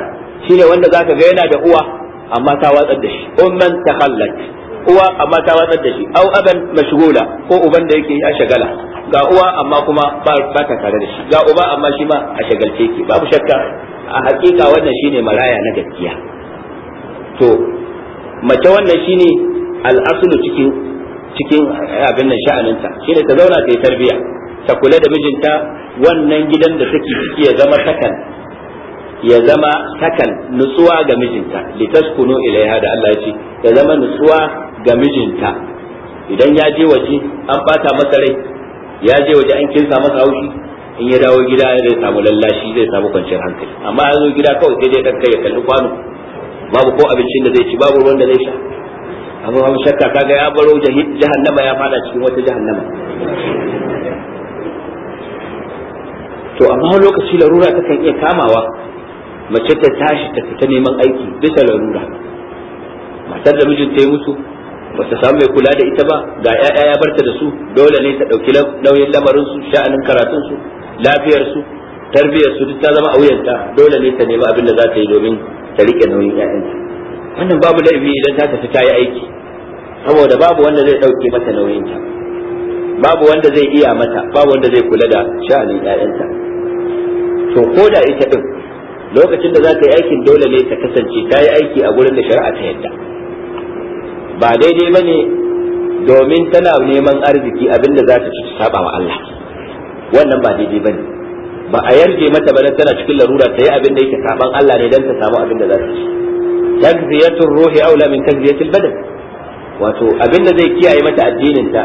shine wanda zaka ga yana da uwa amma ta watsar da shi umman tahallat uwa amma ta watsar da shi au aban mashghula ko uban da yake ya shagala ga uwa amma kuma ba ta tare da shi ga uba amma shi ma a shagalce yake babu shakka a hakika wannan shine maraya na gaskiya to mace wannan shine al'asulu cikin cikin eh, abin nan sha'aninta ne ta zauna ta yi tarbiya ta kula da mijinta wannan gidan da take ciki ya zama takan ya zama takan nutsuwa ga mijinta litaskunu ilaiha da Allah ya ce ya zama nutsuwa ga mijinta idan ya je waje an bata masa rai ya je waje an kinsa masa haushi in ya dawo gida zai samu lallashi zai samu kwanciyar hankali amma ya zo gida kawai sai dai kai ya kalli kwano babu ko abincin da zai ci babu ruwan da zai sha abu babu shakka kaga ya baro jahannama ya fada cikin wata jahannama to amma lokaci larura ta kan iya kamawa mace ta tashi ta fita neman aiki bisa larura matar da mijin ta yi musu ba ta samu mai kula da ita ba ga 'ya'ya ya barta da su dole ne ta ɗauki nauyin lamarin su sha'anin karatun su lafiyar su duk ta zama a wuyanta dole ne ta nemi abin da za ta yi domin ta rike nauyin 'ya'yanta wannan babu laifi idan ta tafi ta yi aiki saboda babu wanda zai ɗauke mata nauyinta babu wanda zai iya mata babu wanda zai kula da sha'anin ƴaƴanta to ko da ita din lokacin da za ta yi aikin dole ne ta kasance ta yi aiki a gurin da shari'a ta yadda ba daidai ba ne domin tana neman arziki abinda za ta ci ta saba wa Allah wannan ba daidai ba ne ba a yarje mata ba tana cikin larura ta yi abin da yake saban Allah ne don ta samu abin da za ta ci tazkiyatur ruhi aula min tazkiyatil badan wato abin da zai kiyaye mata addininta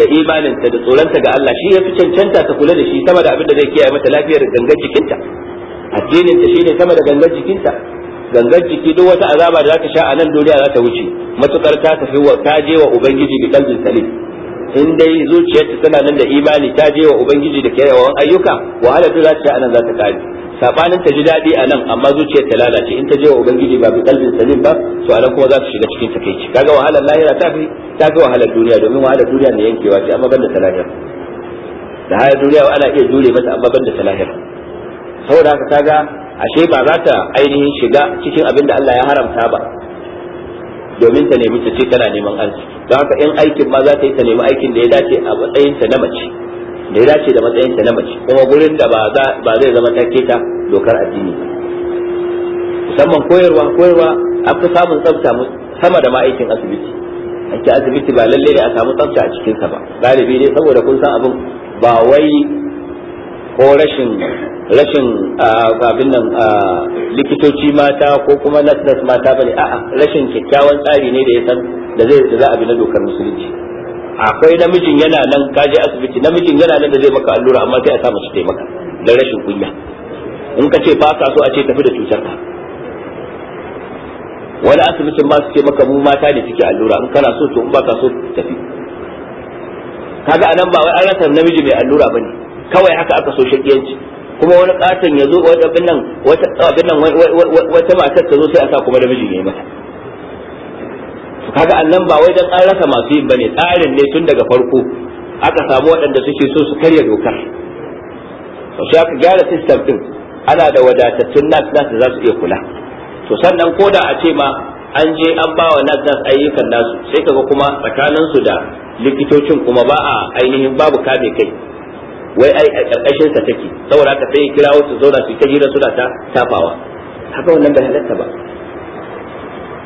da imaninta da tsoronta ga Allah shi yafi cancanta ta kula da shi sama da abin da zai kiyaye mata lafiyar gangan jikinta addininta ne sama da gangan jikinta gangan jiki duk wata azaba da zaka sha a nan duniya za ta wuce matukar ta tafi wa ta je wa ubangiji bi kalbin salim in dai zuciyarta tana nan da imani ta je wa ubangiji da kyawawan ayyuka wahala duk za ta sha a nan za ta kare sabanin ta ji daɗi a nan amma zuciyar ta lalace in ta je wa ubangiji ba bi kalbin salim ba to nan kuma za ta shiga cikin takeici kaga wahalar lahira ta fi ta fi wahalar duniya domin wahalar duniya ne yankewa ce amma banda ta lahira da haya duniya ana iya jure mata amma banda ta lahira saboda haka kaga ashe ba za ta ainihin shiga cikin abin da Allah ya haramta ba domin ta nemi ta ce tana neman arziki don haka in aikin ma za ta yi ta nemi aikin da ya dace a matsayinta na mace da ya dace da matsayin ta na mace kuma gurin da ba zai zama ta dokar addini musamman koyarwa koyarwa an fi samun tsafta sama da ma'aikin asibiti ake asibiti ba lalle ne a samu tsafta a cikinsa ba galibi ne saboda kun san abin ba wai ko rashin rashin abin nan likitoci mata ko kuma nas mata ba ne. a'a rashin kyakkyawan tsari ne da ya san da zai da za a bi na dokar musulunci akwai namijin yana nan ka je asibiti namijin yana nan da zai maka allura amma sai a sa masu taimaka don rashin kunya in ka ce ba ka so a ce tafi da cutar ka wani asibitin ma su ce maka mu mata ne suke allura in kana so to in ba ka so tafi kaga anan ba wai an rasa namiji mai allura bane kawai haka aka so shakiyanci kuma wani katon ya zo wata abin nan wata abin nan wata matar ta zo sai a sa kuma namiji ne mata kaga annan ba wai dan an masu yin bane tsarin ne tun daga farko aka samu waɗanda suke so su karya dokar to sai aka gyara system din ana da wadatattun nas nas za su iya kula to sannan ko da a ce ma an je an ba wa nas nas ayyukan nasu sai kaga kuma tsakanin su da likitocin kuma ba a ainihin babu kame kai wai ai a karkashin sa take saboda ka sai kirawo su zauna su ta hira suna ta tafawa haka wannan bai halatta ba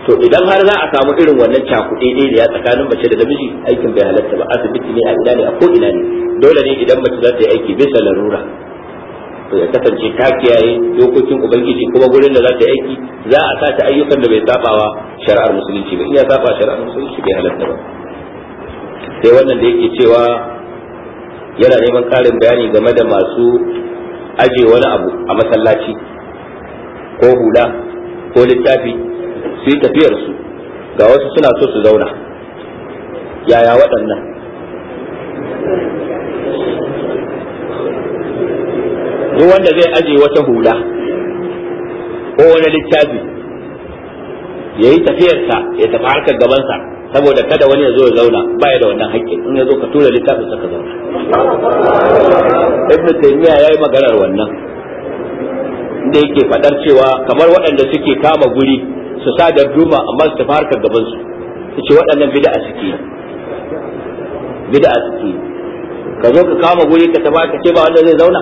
to idan har za a samu irin wannan cakuɗe ne ya tsakanin mace da namiji aikin bai halatta ba asibiti ne a ina ne a ko ina ne dole ne idan mace za ta yi aiki bisa larura to ya kasance ta kiyaye dokokin ubangiji kuma gurin da za ta yi aiki za a sa ta ayyukan da bai sabawa shari'ar musulunci ba iya saba shari'ar musulunci bai halatta ba sai wannan da yake cewa yana neman ƙarin bayani game da masu aje wani abu a masallaci ko hula ko littafi su yi tafiyar su ga wasu suna so su zauna yaya waɗannan duk wanda zai aje wata hula ko wani littafi ya yi tafiyarsa ya tafi harkar gabansa saboda kada wani ya zo ya zauna baya da wannan haƙƙin in ya zo ka tura littafin suka zauna ibn taymiya yayi maganar wannan Inda yake fadar cewa kamar waɗanda suke kama guri su sa darduma amma su tafi harkar gaban su ce waɗannan bid'a suke bid'a suke ka zo ka kama guri ka tafi ka ce ba wanda zai zauna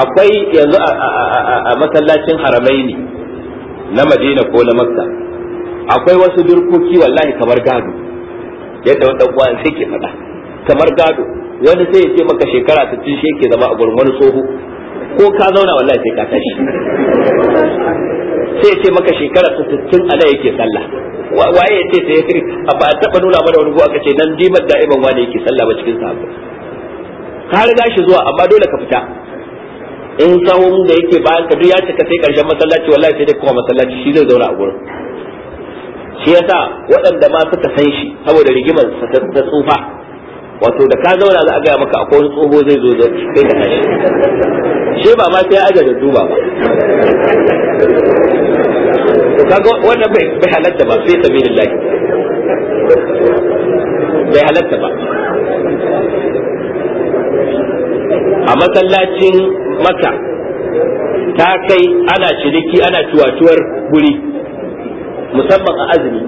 akwai yanzu a masallacin haramaini na madina ko na makka akwai wasu durkoki wallahi kamar gado yadda wanda uwan sai ke faɗa kamar gado wani sai ya ce maka shekara ta tun shi yake zama a gurin wani tsoho ko ka zauna wallahi sai ka tashi sai ce maka shekara ta sittin ala yake sallah waye ya ce sai a ba a taɓa nuna mana wani ka ce nan dimar da'iban wani yake sallah ba cikin sahabbai ka riga shi zuwa amma dole ka fita in sahun da yake bayan ka duk ya cika sai karshen masallaci wallahi sai dai kuma masallaci shi zai zauna a gurin shi yasa waɗanda ma suka san shi saboda rigimar sa ta tsufa wato da ka zauna za a gaya maka akwai wani tsoho zai zo zai ka tashi shi ba ma sai aje da duba ba kaga wannan bai bai halatta ba sai sabilillah bai halatta ba a masallacin maka ta kai ana ciniki ana tuwatuwar guri musamman a azumi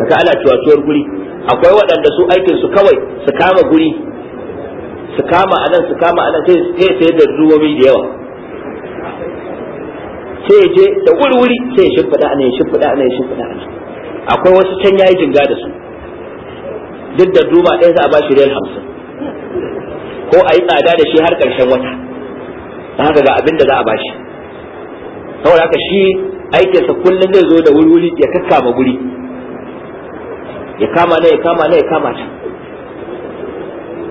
kaga ana tuwatuwar guri akwai waɗanda su aikinsu kawai su kama guri su kama a nan su kama a nan sai sai da ruwomi da yawa sai je da wuri-wuri sai ya shimfiɗa a nan ya shimfiɗa a nan ya shimfiɗa a nan akwai wasu can yayi jinga da su duk da duma ɗaya za a ba shi riyal hamsin ko a yi tsada da shi har ƙarshen wata ta haka ga abin da za a ba shi saboda haka shi aikinsa kullum zai zo da wuri-wuri ya kakkama guri ya kama nan ya kama nan ya kama can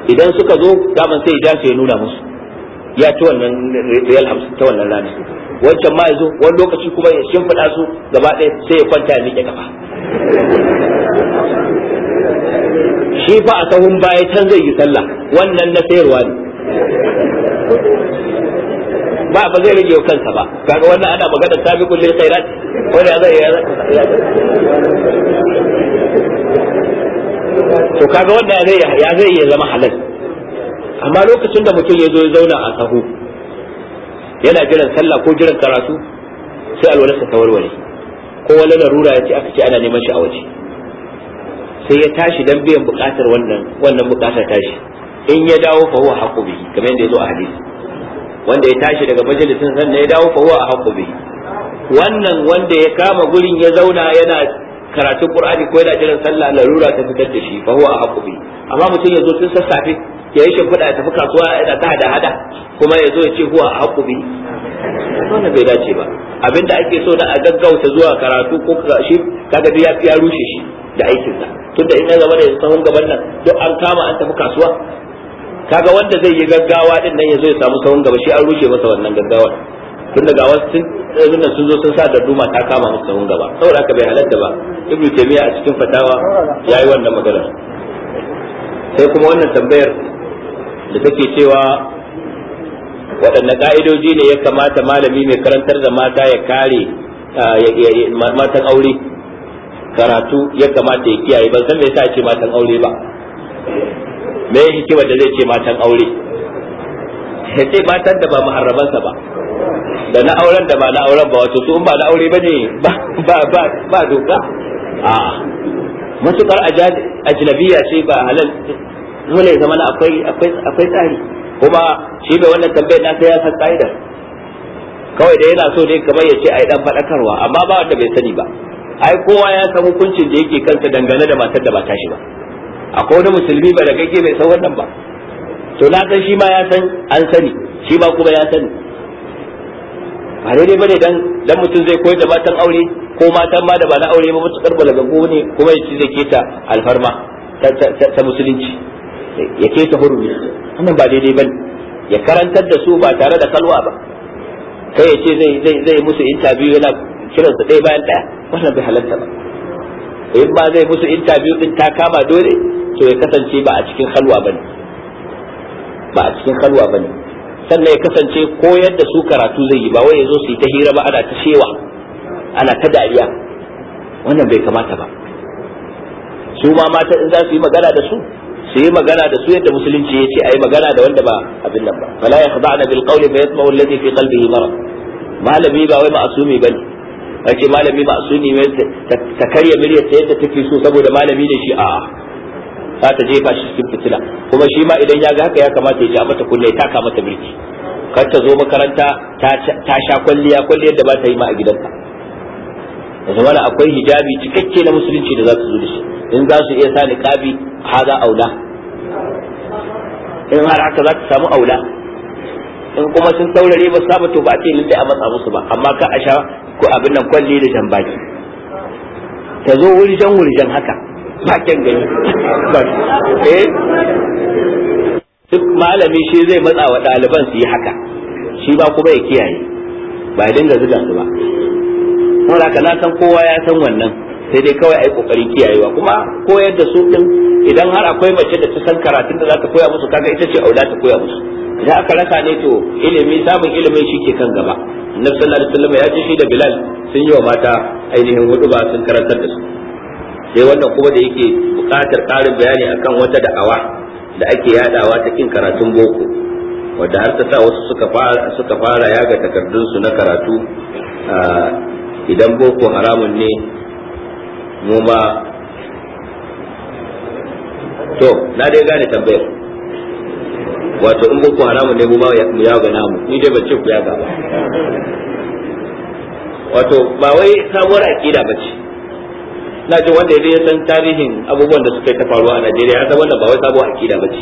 idan suka zo daman sai ya dace ya nuna musu ya ci wannan riyal hamsin ta wannan rana wancan ma ya zo wani lokaci kuma ya shimfiɗa su gaba ɗaya sai ya kwanta ya miƙe gaba shi fa a sahun baya can zai yi sallah wannan na sayarwa ne ba ba zai rage kansa ba kaga wannan ana magana sai lil wani ya zai ya to kaga wanda zai ya zai iya zama halal amma lokacin da mutum ya zo ya zauna a sahu yana jiran sallah ko jiran karatu sai alwalarsa ta warware ko wani larura ya ce aka ce ana neman shi a waje sai ya tashi dan biyan bukatar wannan wannan bukatar tashi in ya dawo fa huwa haqqu bihi kamar yadda yazo a hadisi wanda ya tashi daga majalisin sannan ya dawo fa huwa haqqu bihi wannan wanda ya kama gurin ya zauna yana karatun qur'ani ko yana jiran sallah larura ta fitar da shi fa huwa ahqqu amma mutum yazo tun sassafe ya yi shimfiɗa ya tafi kasuwa yana ta hada hada kuma ya zo ya ce huwa ahqqu wannan bai dace ba abinda ake so da a gaggauta zuwa karatu ko shi kaga dai ya rushe shi da aikin sa tunda in ya zama da sahun gaban nan duk an kama an tafi kasuwa kaga wanda zai yi gaggawa din nan ya zo ya samu sahun gaba shi an rushe masa wannan gaggawar tun daga wasu sun sun zo sun sa da duma ta kama musu sahun gaba saboda haka bai halatta ba ibnu taymiya a cikin fatawa ya yi wannan magana sai kuma wannan tambayar da take cewa waɗanne ka'idoji ne ya kamata malami mai karantar da mata ya kare matan aure karatu ya kamata ya kiyaye ban san me yasa ce matan aure ba me hikimar da zai ce matan aure ya ce matan da ba muharrabansa ba da na auren da ba na auren ba wato su in ba na aure bane ba ba ba doka a matukar ajnabiya ce ba halal dole ya zama akwai akwai akwai tsari kuma shi da wannan tambayar na sai ya san ka'idar kawai da yana so ne kamar ya ce a yi dan faɗakarwa amma ba wanda bai sani ba ai kowa ya san hukuncin da yake kansa dangane da matar da ba ta shi ba akwai wani musulmi ba da gagge bai san wannan ba to na san shi ma ya san an sani shi ma kuma ya sani ba daidai bane dan dan mutum zai koyar da matan aure ko matan ma da ba na aure ba mutukar daga ne kuma ya ci zai keta alfarma ta musulunci ya keta hurumi wannan ba daidai bane ya karantar da su ba tare da kalwa ba sai ya ce zai zai zai musu interview yana kiran su ɗaya bayan ɗaya wannan bai halatta ba in ba zai musu interview din ta kama dole to ya kasance ba a cikin kalwa bane ba a cikin kalwa bane sannan ya kasance koyar da su karatu zai yi ba wai ya zo su yi ta hira ba ana ta shewa ana ta dariya wannan bai kamata ba su ma mata in za su yi magana da su su yi magana da su yadda musulunci ya ce a yi magana da wanda ba abin nan ba fala ya khada'na bil qawli fa yatma'u alladhi fi qalbihi marad malami ba wai ma'asumi bane ce malami ma'asumi ne ta karya miryar ta yadda take so saboda malami ne shi a'a za ta jefa shi cikin fitila kuma shi ma idan ya ga haka ya kamata ya ja mata kunne ya taka mata birki kar ta zo makaranta ta sha kwalliya kwalliyar da ba ta yi ma a gidanka da zamana akwai hijabi cikakke na musulunci da za su zo da shi in za su iya sa niqabi haza aula in har haka za ta samu aula in kuma sun saurare ba samu to ba a ce lalle a matsa musu ba amma ka a sha ko abin nan kwalli da jan baki ta zo wurjan wurjan haka ba kyan eh duk malami shi zai matsa wa ɗaliban su yi haka shi ba kuma ya kiyaye ba ya dinga zuga su ba kuma haka na san kowa ya san wannan sai dai kawai ai kokari kiyayewa kuma koyar da su din idan har akwai mace da ta san karatun da za ta koya musu kaga ita ce aula ta koya musu idan aka rasa ne to ilimi samun ilimin shi ke kan gaba annabi sallallahu alaihi wasallam ya ce shi da bilal sun yi wa mata ainihin hudu ba sun karantar da su sai wannan kuma da yake buƙatar ƙarin bayani akan wata da'awa da ake yadawa ta kin karatun boko wadda har ta sa wasu suka fara suka fara yaga takardunsu na karatu ah, idan boko haramun ne mu ba to na dai gane tambayar wato in boko haramun ne mu ba mu yaga namu ni dai bace ku yaga ba wato ba wai sabuwar aqida bace na ji wanda ya san tarihin abubuwan da suka yi ta faruwa a Najeriya ya san wannan ba wai sabuwar akida ba ce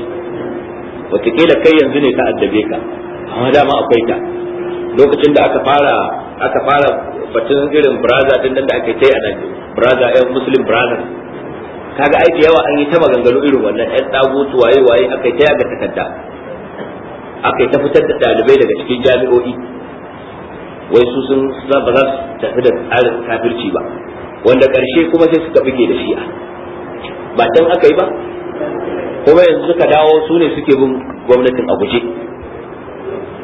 wataƙila kai yanzu ne ka addabe ka amma dama akwai ta lokacin da aka fara aka fara batun irin braza din da aka kai a nan braza ɗan eh, muslim braza kaga aiki yawa an yi ta maganganu irin wannan ɗan tsagutu waye waye aka kai ta yaga takarda aka ta fitar da ɗalibai daga cikin jami'o'i wai su sun ba za su tafi da tsarin kafirci ba wanda ƙarshe kuma sai suka buge da shi'a ba can aka yi ba kuma yanzu suka dawo su ne suke bin gwamnatin a guje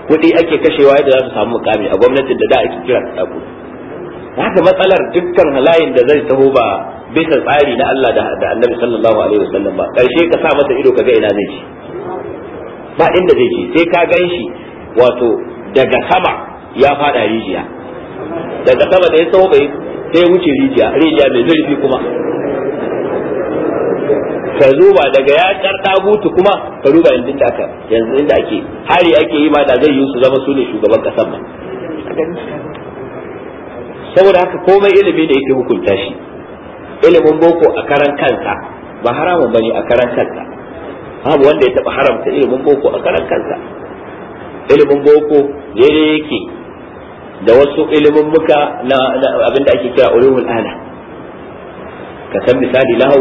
kuɗi ake kashewa yadda za su samu mukami a gwamnatin da da ake kira ta haka matsalar dukkan halayen da zai taho ba bisa tsari na Allah da Annabi sallallahu alaihi wasallam ba karshe ka sa masa ido ka ga ina zai ci ba inda zai ci sai ka gan shi wato daga sama ya fada rijiya daga sama da ya taho bai sai wuce rijiya rijiya mai zurfi kuma ka zuba daga ya karta butu kuma ka duba yanzu ta aka yanzu inda ake hari ake yi ma da zai yi su zama su ne shugaban kasan ma saboda haka komai ilimi da yake hukunta shi ilimin boko a karan kansa ba haramun bane a karan kansa babu wanda ya taba haramta ilimin boko a karan kansa ilimin boko daidai yake da wasu ilimin muka na abin ake kira ulumul ala ka san misali lahu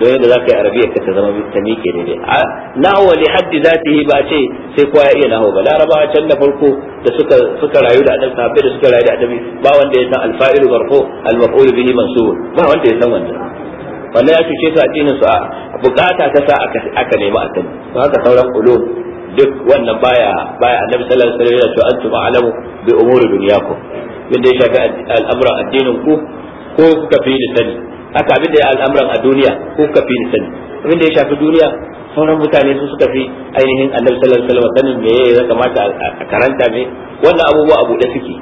don yadda za ka yi arabiya ka ta zama ta miƙe daidai? dai lahu wa haddi zatihi ba ce sai kowa ya iya lahu ba larabawa can da farko da suka suka rayu da annabi sahabbai da suka rayu da annabi ba wanda ya san alfa'ilu marfu al-maf'ul bihi mansub ba wanda ya san wannan wannan ya cuce su addinin su a bukata ta sa aka nema a kan. Ba haka sauran ulum duk wannan baya baya annabi sallallahu alaihi wasallam to antum a'lamu bi umuri dunyakum bin da ya shafi al'amuran addinin ku ko kuka fi ni sani haka abin da ya al'amuran a duniya ko kuka fi ni sani abin da ya shafi duniya sauran mutane su suka fi ainihin annabi sallallahu alaihi wasallam sanin me ya kamata a karanta me wannan abubuwa abu da suke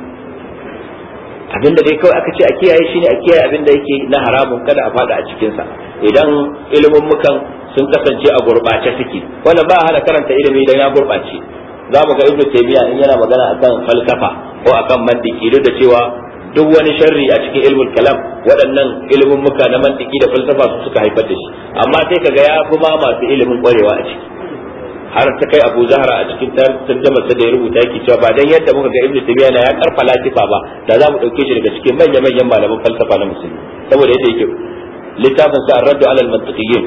abin da dai kawai aka ce a kiyaye shi ne a kiyaye abin da yake na haramun kada a fada a cikin sa idan ilimin mukan sun kasance a gurbace suke wannan ba hana karanta ilimi da ya gurbace za mu ga ibnu taymiya in yana magana akan falsafa ko akan mantiki duk da cewa duk wani sharri a cikin ilmul kalam waɗannan ilimin muka na mantiki da falsafa su suka haifar da shi amma sai kaga ya fi masu ilimin kwarewa a ciki har ta kai abu zahra a cikin tarjamar da ya rubuta yake cewa ba dan yadda muka ga ibnu tabiya na ya karfa latifa ba da za mu dauke shi daga cikin manyan manyan malaman falsafa na musulmi saboda yadda yake littafin sa ar-raddu ala al-mantiqiyyin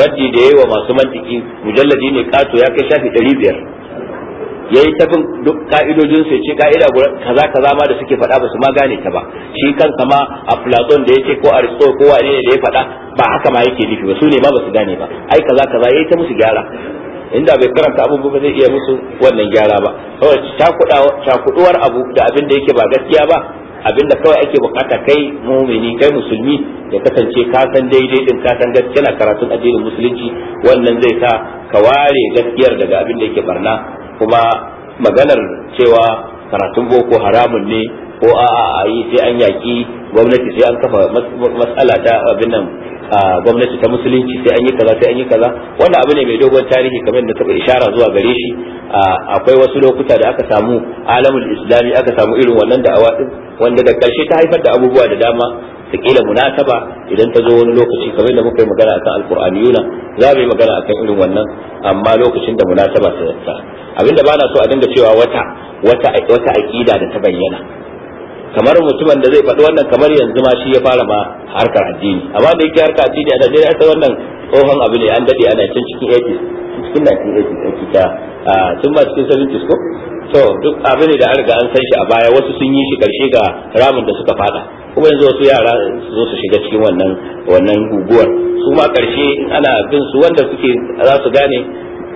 raddi da yayi wa masu mantiki mujalladi ne kato ya kai shafi 500 yayi tafin duk ka'idojin sai ce ka'ida kaza kaza ma da suke faɗa ba su ma gane ta ba shi kansa ma a Platon da yake ko Aristo ko wane ne da ya faɗa ba haka ma yake nufi ba su ne ma ba su gane ba ai kaza kaza yayi ta musu gyara inda bai karanta abubuwa ba zai iya musu wannan gyara ba kawai cakuduwar abu da abin da yake ba gaskiya ba abin da kawai ake bukata kai mumini kai musulmi ya kasance ka san daidai din ka san gaskiya karatun addinin musulunci wannan zai sa ka ware gaskiyar daga abin da yake barna kuma maganar cewa karatun boko haramun ne ko a'a a yi sai an yaƙi gwamnati sai an kafa matsala ta abin nan gwamnati ta musulunci sai an yi kaza sai an yi kaza wanda abu ne mai dogon tarihi kamar da taɓa ishara zuwa gare shi akwai wasu lokuta da aka samu alamul islami aka samu irin wannan da'awa din wanda da ƙarshe ta haifar da abubuwa da dama kila munasaba idan ta zo wani lokaci kamar da muka yi magana akan yuna za mu yi magana akan irin wannan amma lokacin da munasaba ta tsaya abinda bana so a dinga cewa wata wata wata aqida da ta bayyana kamar mutumin da zai faɗi wannan kamar yanzu ma shi ya fara ma harkar addini amma da yake harkar addini a da ta wannan tsohon abu ne an dade ana cin cikin 80 cikin 1980s ta ah, ba cikin 70 ko to duk abin da an riga an san shi a baya wasu sun yi shi karshe ga ramin da suka fada kuma yanzu wasu yara su zo su shiga cikin wannan wannan guguwar su ma karshe ana bin su wanda suke za su gane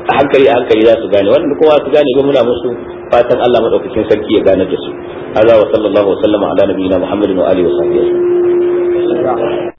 a hankali a hankali za su gane wanda kowa su gane ba muna musu fatan Allah madaukakin sarki ya gane da su Allah wa sallallahu wa sallama ala nabiyina Muhammadin wa alihi wa sahbihi